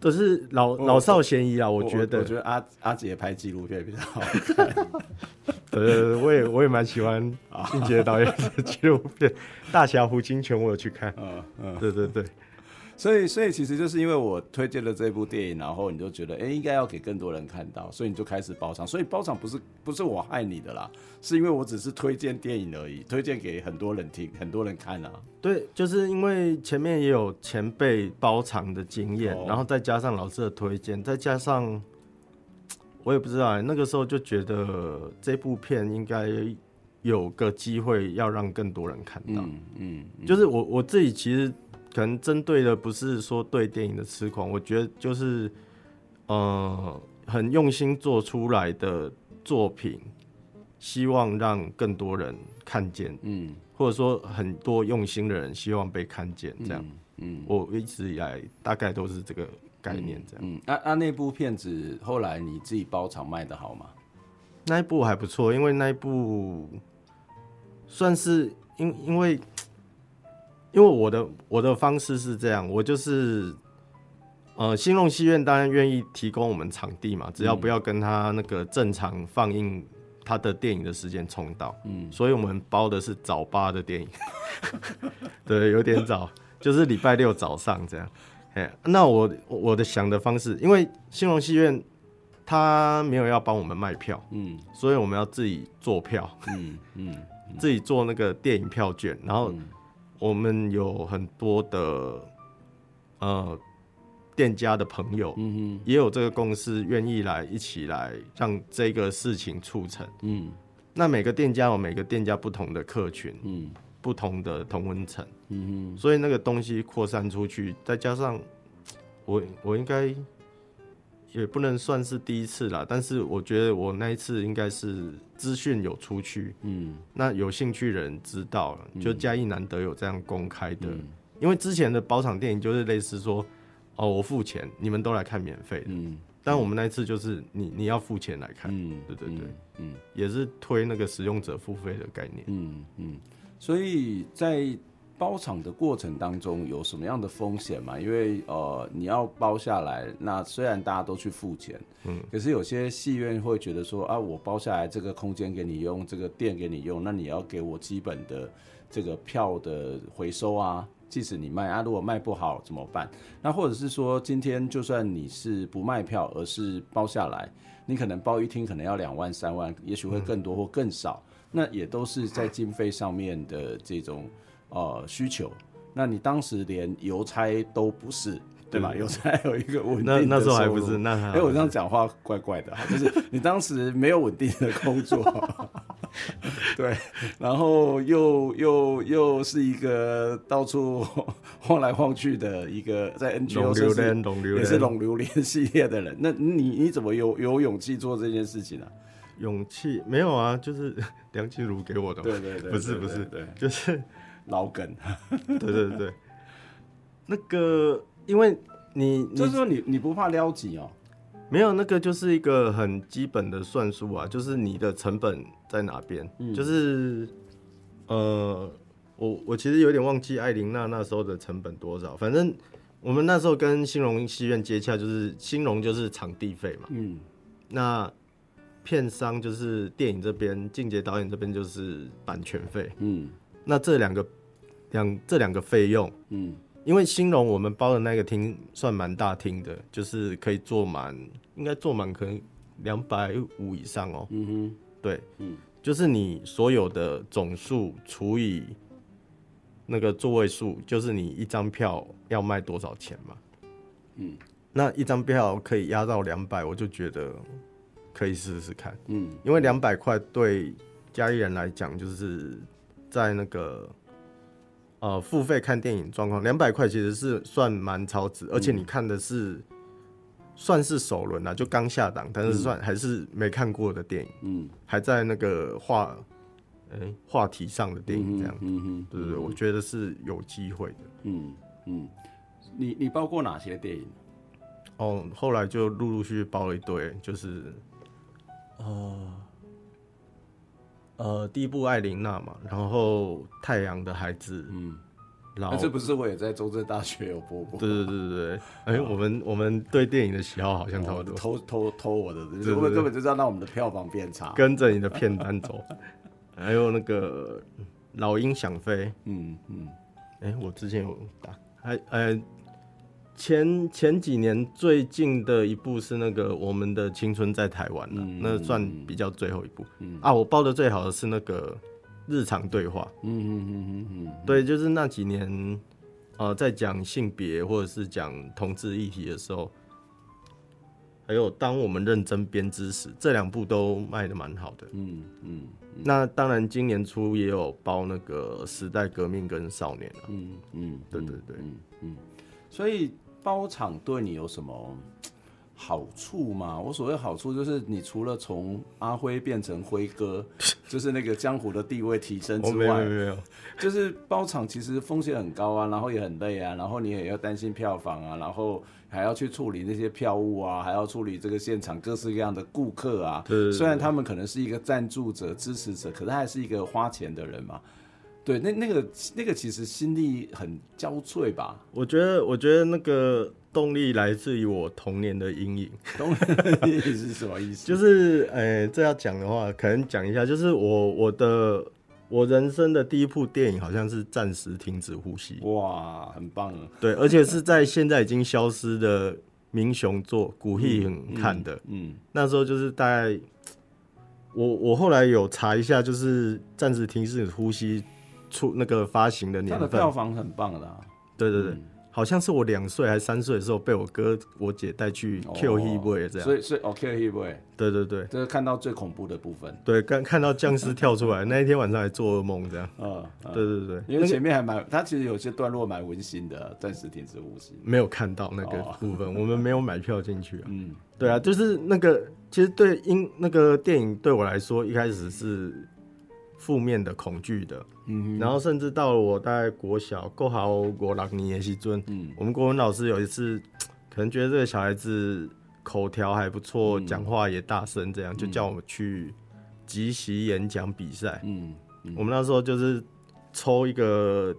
[SPEAKER 4] 可是老老少咸宜啊，我覺得，我覺
[SPEAKER 1] 得阿阿杰拍紀錄片比較好，
[SPEAKER 4] 對對，我也我也蠻喜歡俊杰導演的紀錄片，《大俠胡金銓》，我有去看，對對對。
[SPEAKER 1] 所以，所以其實就是因為我推薦了這部電影，然後你就覺得，哎、欸，應該要給更多人看到，所以你就開始包場。所以包場不是不是我害你的啦，是因為我只是推薦電影而已，推薦給很多人聽，很多人看啊。
[SPEAKER 4] 對，就是因為前面也有前輩包場的經驗，哦、然後再加上老師的推薦，再加上我也不知道、啊，那個時候就覺得這部片應該有個機會要讓更多人看到。嗯，嗯嗯就是我我自己其實。可能針對的不是說對電影的痴狂，我覺得就是，呃，很用心做出來的作品，希望讓更多人看見，嗯，或者說很多用心的人希望被看見，這樣，嗯，嗯我一直以來大概都是這個概念，嗯、這樣。
[SPEAKER 1] 嗯，那、嗯、那、啊、那部片子後來你自己包場賣得好嗎？
[SPEAKER 4] 那一部還不錯，因為那一部算是因因為。因為我的我的方式是這樣，我就是，呃，興隆戲院當然願意提供我們場地嘛，只要不要跟他那個正常放映他的電影的時間衝到，嗯，所以我們包的是早八的電影，嗯、 對，有點早， 就是禮拜六早上這樣，哎，那我我的想的方式，因為興隆戲院他沒有要幫我們賣票，嗯，所以我們要自己做票，嗯嗯，嗯 自己做那個電影票券，然後。我們有很多的呃店家的朋友，嗯、哼也有這個公司願意來一起來讓這個事情促成，嗯、那每個店家有每個店家不同的客群，嗯、不同的同溫層，嗯、哼所以那個東西擴散出去，再加上我我應該。也不能算是第一次了，但是我覺得我那一次應該是資訊有出去，嗯，那有興趣的人知道，就嘉義難得有這樣公開的，嗯、因為之前的包場電影就是類似說，哦，我付錢，你們都來看免費的，嗯、但我們那一次就是你你要付錢來看，嗯，對對對，嗯，嗯也是推那個使用者付費的概念，嗯嗯，嗯所以
[SPEAKER 1] 在。包場的過程當中有什麼樣的風險嗎？因為呃，你要包下來，那雖然大家都去付錢，嗯，可是有些戲院會覺得說啊，我包下來這個空間給你用，這個店給你用，那你要給我基本的這個票的回收啊，即使你賣啊，如果賣不好怎麼辦？那或者是說，今天就算你是不賣票，而是包下來，你可能包一廳可能要兩萬三萬，也許會更多或更少，嗯。那也都是在經費上面的這種。呃，需求，那你當時連郵差都不是，對吧？郵、嗯、差有一個穩定的，那那時候還不是？那哎、欸，我這樣講話怪怪的、啊， 就是你當時沒有穩定的工作， 對，然後又又又是一個到處晃來晃去的一個在 NGO 也是也是龍流連系列的人，那你你怎麼有有勇氣做這件事情呢、啊？
[SPEAKER 4] 勇氣沒有啊，就是梁靜茹給我的，對對對，對，不是不是，不是對，對，對，對，對，就是。老梗，對對對， 那個，因為你就是說你你不怕撩幾哦？沒有，那個就是一個很基本的算數啊，就是你的成本在哪邊？嗯，就是呃，我我其實有點忘記艾琳娜那時候的成本多少。反正我們那時候跟新隆戲院接洽，就是新隆就是場地費嘛，嗯，那片商就是電影這邊，靖傑導演這邊就是版權費，嗯。那這兩個兩這兩個費用，嗯，因為興隆我們包的那個廳算蠻大廳的，就是可以坐滿，應該坐滿可能兩百五以上哦、喔。嗯哼，對，嗯，就是你所有的總數除以那個座位數，就是你一張票要賣多少錢嘛。嗯，那一張票可以壓到兩百，我就覺得可以試試看。嗯，因為兩百塊對家裡人來講就是。在那個，呃，付費看電影狀況，兩百塊其實是算蠻超值，而且你看的是、嗯、算是首輪啊，就剛下檔，但是算還是沒看過的電影，嗯，還在那個話，哎、欸，話題上的電影這樣，嗯，嗯嗯，對、嗯、對，我覺得是有機會的，嗯
[SPEAKER 1] 嗯，你你包過哪些電影？哦，
[SPEAKER 4] 後來就陸陸續續包了一堆，就是，哦、呃。呃，第一部《艾琳娜》嘛，然後《太陽的孩子》，嗯，然後這
[SPEAKER 1] 不是我也在中正大學有播過、啊，對對對對對，
[SPEAKER 4] 哎，啊、我們我們對電影的喜好好像差不多，偷
[SPEAKER 1] 偷偷我的，根本根本就知道讓我們的票房變
[SPEAKER 4] 差，跟着你的片單走， 還有那個《老鷹想飛》嗯，嗯嗯，哎，我之前有打，哎。哎前前幾年最近的一部是那個《我們的青春在台灣》了，嗯，那算比較最後一部，嗯、啊。我包的最好的是那個《日常對話》嗯，嗯嗯嗯嗯，對，就是那幾年，呃，在講性別或者是講同志議題的時候，還有當我們認真編織時，這兩部都賣得蠻好的。嗯嗯，嗯嗯那當然今年初也有包那個《時代革命》跟《少年》啊，嗯嗯嗯，對對對，嗯嗯，嗯
[SPEAKER 1] 嗯所以。包場對你有什麼好處嗎？我所謂好處就是，你除了從阿輝變成輝哥， 就是那個江湖的地位提升之外，哦、沒有、沒有、就是包場其實風險很高啊，然後也很累啊，然後你也要擔心票房啊，然後還要去處理那些票務啊，還要處理這個現場各式各樣的顧客啊。是雖然他們可能是一個贊助者、支持者，可是還是一個花錢的人嘛。對，那那個那個其實心力很交瘁吧？
[SPEAKER 4] 我覺得，我覺得那個動力來自於我童年的陰影。童年陰影是什麼意思？就是，哎、欸、這要講的話，可能講一下，就是我我的我人生的第一部電影，好像是《暫時停止呼吸》。哇，很棒、啊！對，而且是在現在已經消失的民雄座古戲院看的。嗯，嗯嗯那時候就是大概，我我後來有查一下，就是《暫時停止呼吸》。出那個發行的年份，票房很棒的。對對對，好像是我兩歲還是三歲的時候，被我哥我姐帶去《Q He Boy》這樣，所以
[SPEAKER 1] 是《Q He Boy》，對對對，就是看到最恐怖的部分。
[SPEAKER 4] 對，剛看到殭屍跳出來，那一天晚上還做噩夢這樣。啊，對對對，因為前
[SPEAKER 1] 面還蠻，它其實有些段落蠻溫馨的，《暫時停止呼吸》。
[SPEAKER 4] 沒有看到那個部分，我們沒有買票進去。嗯，對啊，就是那個，其實對因那個電影對我來說，一開始是。負面的恐懼的，嗯、哼然後甚至到了我大概國小，過好國朗尼延西尊，嗯、我們國文老師有一次，可能覺得這個小孩子口條還不錯，講、嗯、話也大聲，這樣就叫我們去即席演講比賽，嗯、我們那時候就是抽一個，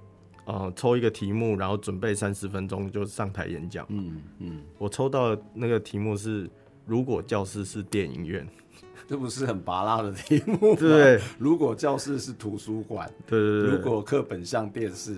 [SPEAKER 4] 呃、抽一個題目，然後準備三十分鐘就上台演講，嗯嗯，我抽到的那個題目是如果教室是電影院。這不是很芭樂的題目、啊、對，
[SPEAKER 1] 如果教室是圖書館，對，對，對如果課本像電視，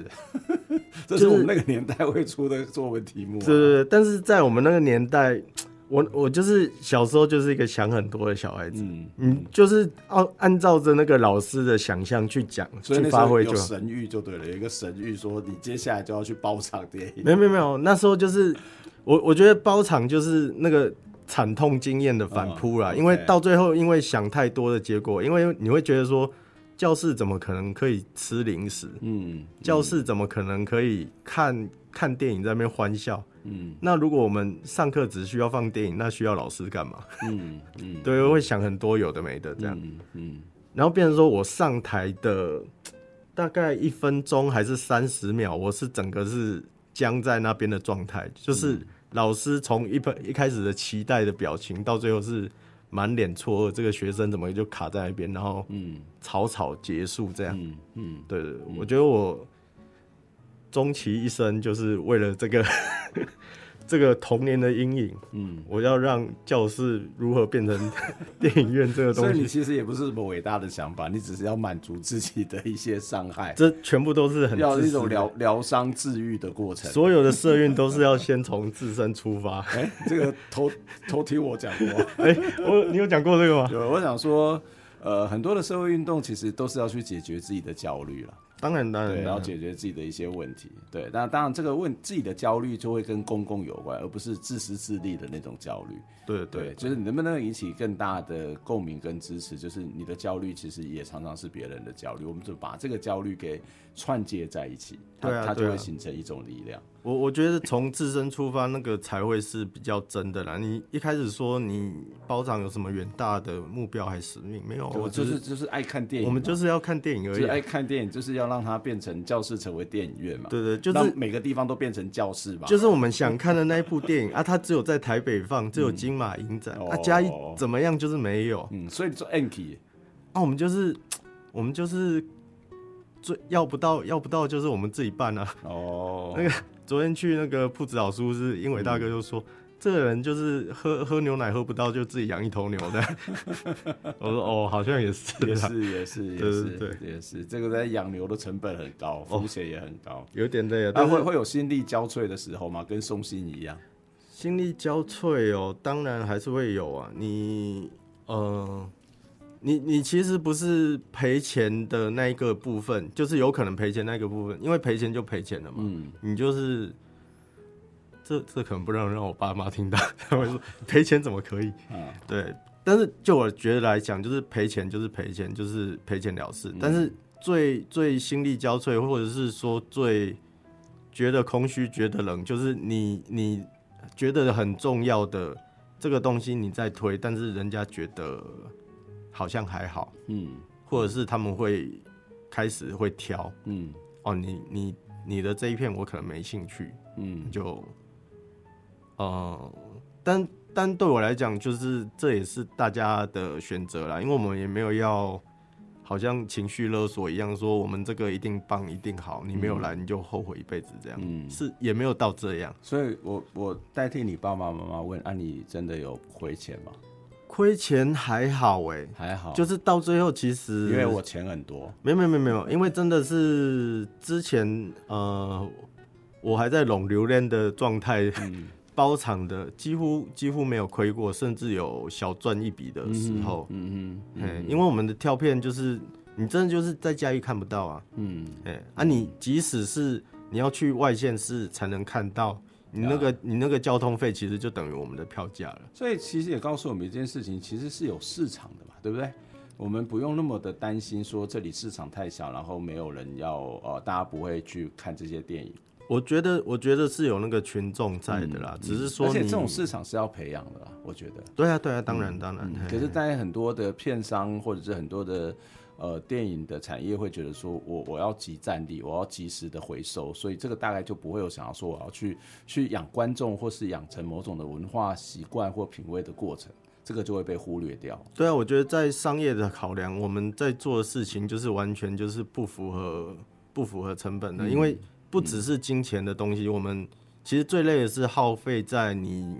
[SPEAKER 1] 這是我們那個年代會出的作文題目、啊就是。
[SPEAKER 4] 對，對，對但是在我們那個年代，我我就是小時候就是一個想很多的小孩子，嗯，嗯就是按按照着那個老師的想象去講，去發揮就神
[SPEAKER 1] 諭就，就對了，有一個神諭說你接下來就要去包場電影。沒有
[SPEAKER 4] 沒有沒有，那時候就是我我覺得包場就是那個。慘痛經驗的反撲啦、oh, okay. 因為到最後，因為想太多的結果，因為你會覺得說，教室怎麼可能可以吃零食？嗯，嗯教室怎麼可能可以看看電影在那邊歡笑？嗯，那如果我們上課只需要放電影，那需要老師幹嘛？嗯嗯，嗯 對，我會想很多有的沒的這樣，嗯，嗯然後變成說我上台的大概一分鐘還是三十秒，我是整個是僵在那邊的狀態，就是。老師從一開一開始的期待的表情，到最後是滿臉錯愕，這個學生怎麼就卡在那邊，然後嗯草草結束這樣，嗯嗯，對、嗯、對、嗯、對，我覺得我終其一生就是為了這個。 這個童年的陰影，嗯，我要讓教室如何變成電影院這個東西， 所以
[SPEAKER 1] 你其實也不是什麼偉大的想法，你只是要滿足自己的一些傷害，這全
[SPEAKER 4] 部都是很要是一種
[SPEAKER 1] 療療傷治癒的過程。所有的社運都
[SPEAKER 4] 是要先從自身出發， 欸、
[SPEAKER 1] 這個頭頭聽我講過、啊，哎、
[SPEAKER 4] 欸，我你有講過這個嗎？
[SPEAKER 1] 有，我想說，呃，很多的社會運動其實都是要去解決自己的焦慮了。當然，當然，你要解決自己的一些問題，對，那當然，這個問自己的焦慮就會跟公共有關，而不是自私自利的那種焦慮。對對，對對，就是你能不能引起更大的共鳴跟支持，就是你的焦慮其實也常常是別人的焦慮，我們就把這個焦慮給串接在一起，對啊，對啊，它就會形成一種力量。
[SPEAKER 4] 我我覺得從自身出發，那個才會是比較真的啦。你一開始說你包場有什麼遠大的目標還是使命？沒有，對，我就是、就是
[SPEAKER 1] 就是愛看電影。我們就是要看電影而已，愛
[SPEAKER 4] 看電影就是要。讓它變成教室，
[SPEAKER 1] 成為電影院嘛？對對，就是每個地方都變成教室嘛。就是我們想
[SPEAKER 4] 看的那一部電影 啊，它只有在台北放，只有金馬影展，嗯、啊，嘉義怎麼樣？就是沒有。嗯，所以做 Anki，啊，我們就是我們就是最要不到要不到，要不到就是我們自己辦啊。哦， 那個昨天去那個鋪子，老叔是英偉大哥、嗯、就說。這個人就是喝喝牛奶喝不到，就自己養一頭牛的。 我說哦，好像也是，也是，也是，也是、， 就是。對，
[SPEAKER 1] 也是。這個在養牛的成本很高，風險、哦、也很高，有
[SPEAKER 4] 點累啊。他會會
[SPEAKER 1] 有心力交瘁的時候嗎？跟送信一樣，
[SPEAKER 4] 心力交瘁哦，當然還是會有啊。你呃，你你其實不是賠錢的那一個部分，就是有可能賠錢那一個部分，因為賠錢就賠錢了嘛。嗯，你就是。這這可能不能讓我爸媽聽到， 他們說 賠錢怎麼可以？嗯、對。但是就我覺得來講，就是賠錢就是賠錢就是賠錢了事。嗯、但是最最心力交瘁，或者是說最覺得空虛、覺得冷，就是你你覺得很重要的這個東西你在推，但是人家覺得好像還好，嗯，或者是他們會開始會挑，嗯，哦，你你你的這一片我可能沒興趣，嗯，就。哦、呃，但但對我來講，就是這也是大家的選擇啦。因為我們也沒有要，好像情緒勒索一樣，說我們這個一定幫一定好，嗯、你沒有來你就後悔一輩子這樣，嗯、是也沒有到這樣。所以我，我我代替你爸爸媽媽問，啊，你真的有虧錢嗎？虧錢還好哎、欸，還好，就是到最後其實因為我錢很多，沒，沒，沒，沒有沒有沒有因為真的是之前呃，我還在攏留戀的狀態。嗯包場的幾乎幾乎沒有虧過，甚至有小賺一筆的時候。嗯嗯，欸、嗯哼因為我們的跳片就是你真的就是在嘉義看不到啊。嗯，欸、啊，你即使是你要去外縣市才能看到，你那個、嗯、你那個交通費其實就等於我們的票價了。
[SPEAKER 1] 所以其實也告訴我們一件事情，其實是有市場的嘛，對不對？我們不用那麼的擔心說這裡市場太小，然後沒有人要，呃，大家不會去看這些電影。
[SPEAKER 4] 我覺得，我覺得是有那個群眾在的啦，嗯、只是說你，而且這種市
[SPEAKER 1] 場是要培養的啦，我覺得。
[SPEAKER 4] 對啊，對啊，當然，嗯、當然。嗯、可是，在
[SPEAKER 1] 很多的片商或者是很多的呃電影的產業，會覺得說我我要即戰力，我要及時的回收，所以這個大概就不會有想要說我要去去養觀眾，或是養成某種的文化習慣或品味的過程，這個就會被忽略掉。
[SPEAKER 4] 對啊，我覺得在商業的考量，我們在做的事情就是完全就是不符合不符合成本的，嗯、因為。不只是金錢的東西，嗯、我們其實最累的是耗費在你，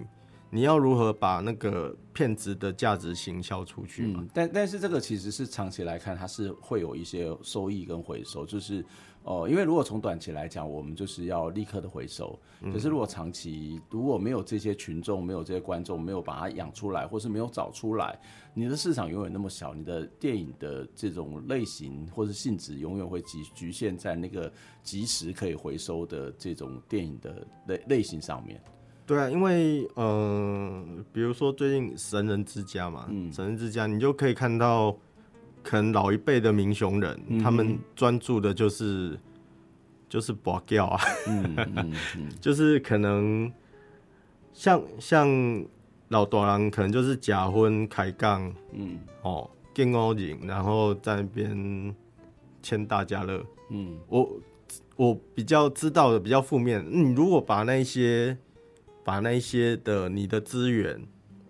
[SPEAKER 4] 你要如何把那個片子的價值行銷出去嘛、嗯？
[SPEAKER 1] 但但是這個其實是長期來看，它是會有一些收益跟回收，就是。哦，因為如果從短期來講，我們就是要立刻的回收。嗯、可是如果長期，如果沒有這些群眾，沒有這些觀眾，沒有把它養出來，或是沒有找出來，你的市場永遠那麼小，你的電影的這種類型或是性質永遠會局局限在那個即
[SPEAKER 4] 時可以回收的
[SPEAKER 1] 這種電影的類類型上面。
[SPEAKER 4] 對啊，因為呃，比如說最近《神人之家》嘛，嗯，《神人之家》你就可以看到。可能老一輩的民雄人，嗯、他們專注的就是就是跋筊啊，嗯嗯嗯、 就是可能像像老大人，可能就是假婚開槓，嗯，哦，敬老人，然後在那邊簽大家樂，嗯，我我比較知道的比較負面，你、嗯、如果把那些把那些的你的資源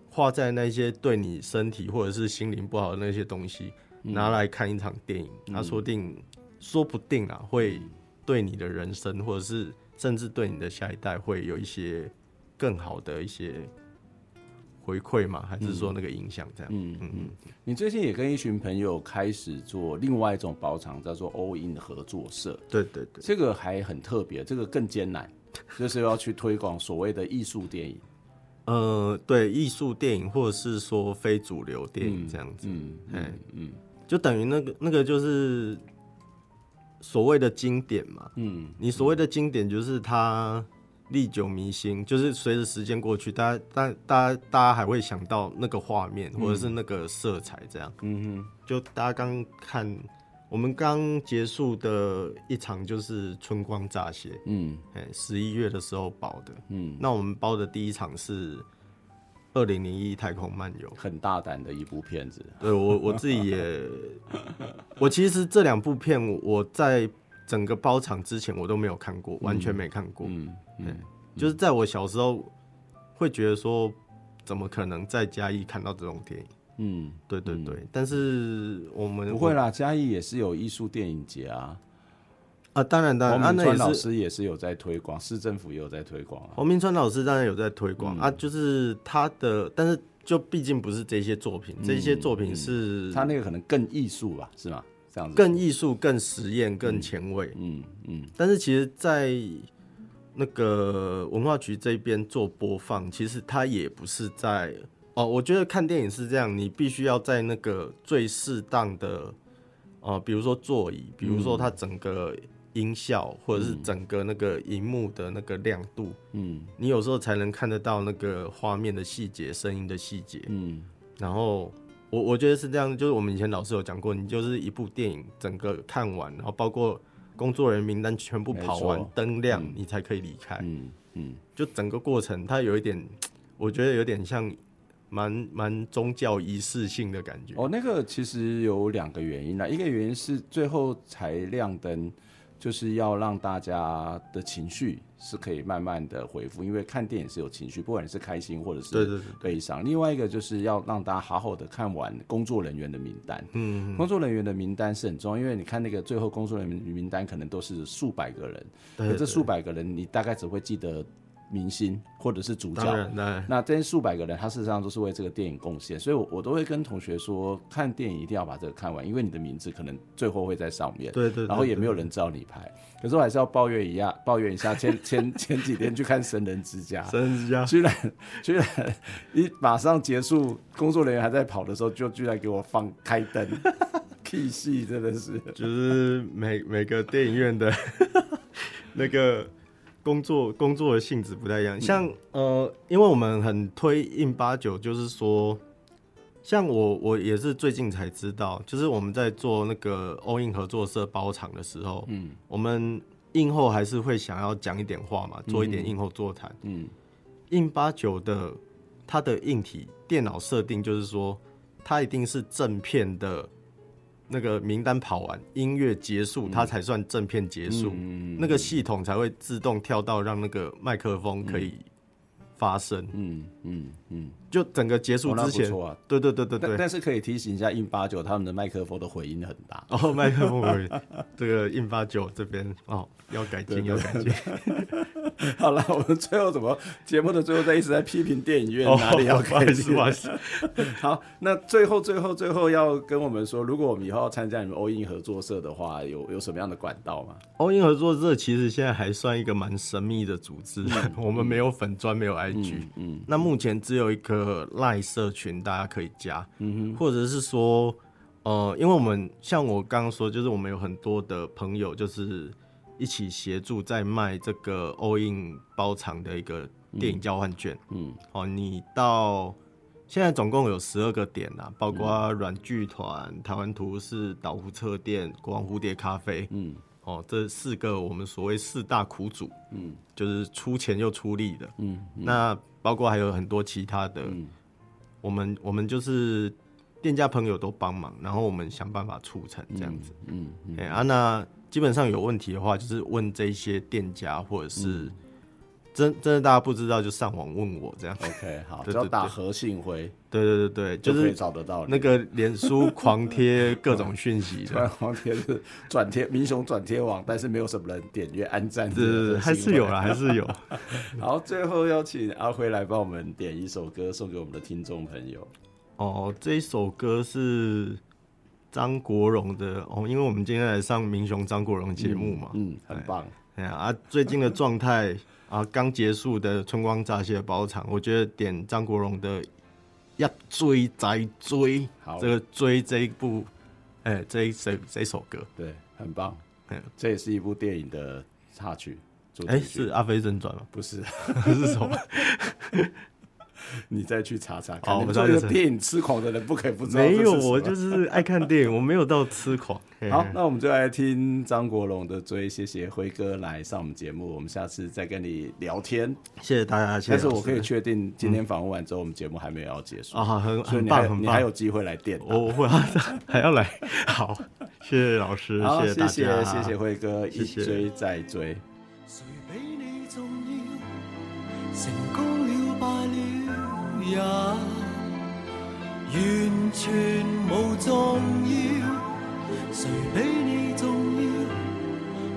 [SPEAKER 4] 花在那些對你身體或者是心靈不好的那些東西。拿來看一場電影，他說定，說不定啊，會對你的人生，或者是甚至對你的下一代，會有一些更好的一些回饋嘛，還是說那個影響這樣？嗯嗯嗯。你最近也跟一
[SPEAKER 1] 群朋友開始做另外一種包場，叫做 All in 合作社。對對對，這個還很特別，這個更艱難，就是要去推廣所謂的藝術電影。
[SPEAKER 4] 呃，對，藝術電影或者是說非主流電影這樣子。嗯嗯。就等於那個那個就是所謂的經典嘛，嗯，你所謂的經典就是它歷久彌新，就是隨着時間過去，大家、大家、大家、大家還會想到那個畫面、嗯、或者是那個色彩這樣，嗯哼，就大家剛看我們剛結束的一場就是春光乍洩，
[SPEAKER 5] 嗯，
[SPEAKER 4] 哎，十一月的時候包的，嗯，那我們包的第一場是。二零零一《太空漫遊》很大膽的一部片子，對我我自己也， 我其實這兩部片我在整個包場之前我都沒有看過，嗯、完全沒看過，嗯,對嗯就是在我小時候會覺得說怎麼可能在嘉義看到這種電影，嗯，對對對，嗯、但是我們不會啦，嘉我義也是有藝術電影節啊。啊，當然，當然，黃明川老師
[SPEAKER 1] 也是有在推廣，啊、市政府也有在推廣，
[SPEAKER 4] 啊。黃明川老師當然有在推廣、嗯、啊，就是他的，但是就畢竟不是這些作品，嗯、這些作品是他那個可能更藝術吧，是嗎？這樣子更藝術、更實驗、更前衛、嗯。嗯嗯。但是其實，在那個文化局這邊做播放，其實他也不是在哦，我覺得看電影是這樣，你必須要在那個最適當的，哦，比如說座椅，比如說它整個。音效，或者是整個那個熒幕的那個亮度，嗯，你有時候才能看得到那個畫面的細節、聲音的細節，嗯，然後我我覺得是這樣，就是我們以前老師有講過，你就是一部電影整個看完，然後包括工作人員名單全部跑完沒錯，燈亮，嗯、你才可以離開，嗯嗯，嗯就整個過程它有一點，我覺得有點像蠻蠻宗教儀式性的感覺。哦，那個其實
[SPEAKER 1] 有兩個原因啦，一個原因是最後才亮燈。就是要讓大家的情緒是可以慢慢的恢復，因為看電影是有情緒，不管你是開心或者是悲傷。對對對對，另外一個就是要讓大家好好的看完工作人員的名單。嗯，
[SPEAKER 5] 嗯，
[SPEAKER 1] 工作人員的名單是很重要，因為你看那個最後工作人員名單可能都是數百個人，對對對，這數百個人你大概只會記得。明星或者是主角，那這些數百個人，他事實上都是為這個電影貢獻，所以我，我我都會跟同學說，看電影一定要把這個看完，因為你的名字可能最後會在上面。對對，對對。然後也沒有人知道你拍，可是我還是要抱怨一下，抱怨一下前，前前前幾天去看《神人之家》，
[SPEAKER 4] 神人之家居然
[SPEAKER 1] 居然，一馬上結束，工作人員還在跑的時候，就居然給我放開燈，
[SPEAKER 4] 屁戲 真的是，就是每每個電影院的，那個。工作工作的性質不太一樣，像、嗯、呃，因為我們很推印八九，就是說，像我我也是最近才知道，就是我們在做那個 All in 合作社包場的時候，嗯，我們映後還是會想要講一點話嘛，做一點映後座談、嗯，嗯，印八九的它的硬體電腦設定就是說，它一定是正片的。那個名單跑完，音樂結束，嗯、它才算正片結束，嗯嗯嗯、那個系統才會自動跳到讓那個麥克風可以發聲。嗯嗯嗯。就整個結束之前，對對對對對。但是可以提醒一下，印八九他們
[SPEAKER 1] 的麥克風的回音很大。哦，麥克風回，這個印八九這邊哦，要
[SPEAKER 4] 改進，要改進。
[SPEAKER 1] 好了，我們最後怎麼節目的最後在一直在批評電影院哪裡要改進？好，那最後最後最後要跟我們說，如果我們以後要參加你們 All in 合作社的話，有有什麼樣的管道嗎
[SPEAKER 4] ？All in 合作社其實現在還算一個蠻神秘的組織，我們沒有粉專，沒有 IG，嗯，那目前只有一顆。個賴社群，大家可以加，嗯哼，或者是說，呃，因為我們像我剛剛說，就是我們有很多的朋友，就是一起協助在賣這個 All in 包場的一個電影交換券，嗯，嗯，哦，你到現在總共有十二個點吶，包括阮劇團、台灣圖書室、島呼冊店、國王蝴蝶咖啡，嗯，哦，這四個我們所謂四大苦主，嗯，就是出錢又出力的，嗯，嗯那。包括還有很多其他的。嗯、我們我們就是店家朋友都幫忙，然後我們想辦法促成這樣子。嗯嗯，嗯嗯欸、啊，那基本上有問題的話，就是問這些店家或者是，嗯。真真的大家不知道就上網問我這樣，OK，好，對對對對就要打何信輝，對對對對，就是找得到。那個臉書狂貼各種訊息，對，
[SPEAKER 1] 狂貼是轉貼民雄轉貼網，但是沒有什麼人點閱按讚。是、這個，對對對還是有啦，還是有。 好，最後邀請阿輝來幫我們點一首歌送給我們的聽眾朋友。
[SPEAKER 4] 哦，這一首歌是張國榮的哦，因為我們今天來上民雄張國榮節目嘛，嗯，嗯，很棒。對，對啊，啊，最近的狀態。嗯啊，剛結束的《春光乍洩》的包場，我覺得點張國榮的《一追再追》，好，這個追這一部，哎好、欸，這一首歌，對，很棒，欸、這也是一部電影的插曲，主題曲，哎、欸，是《阿飛正傳》嗎？不是， 是什麼？ 你再去查查看，我們做一個電影痴狂的人不可以不知道。沒有，我就是愛看電影，我沒有到痴狂。好，
[SPEAKER 1] 那我們就來聽張國榮的追，謝謝輝哥來上我們節目，我們下次再跟你聊天。
[SPEAKER 4] 謝謝大家，但是我可以確定，今天
[SPEAKER 1] 訪問完之後，我們節目還沒有要結束啊，很很棒，你還有機會來電，我會還要
[SPEAKER 4] 來。好，謝謝老師，謝謝謝謝輝哥，一追再追。
[SPEAKER 2] 也完全無重要，誰比你重要？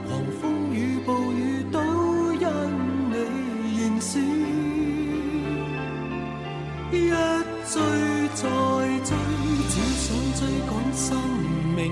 [SPEAKER 2] 狂風與暴雨，都因你燃燒，一追再追，只想追趕生命裡。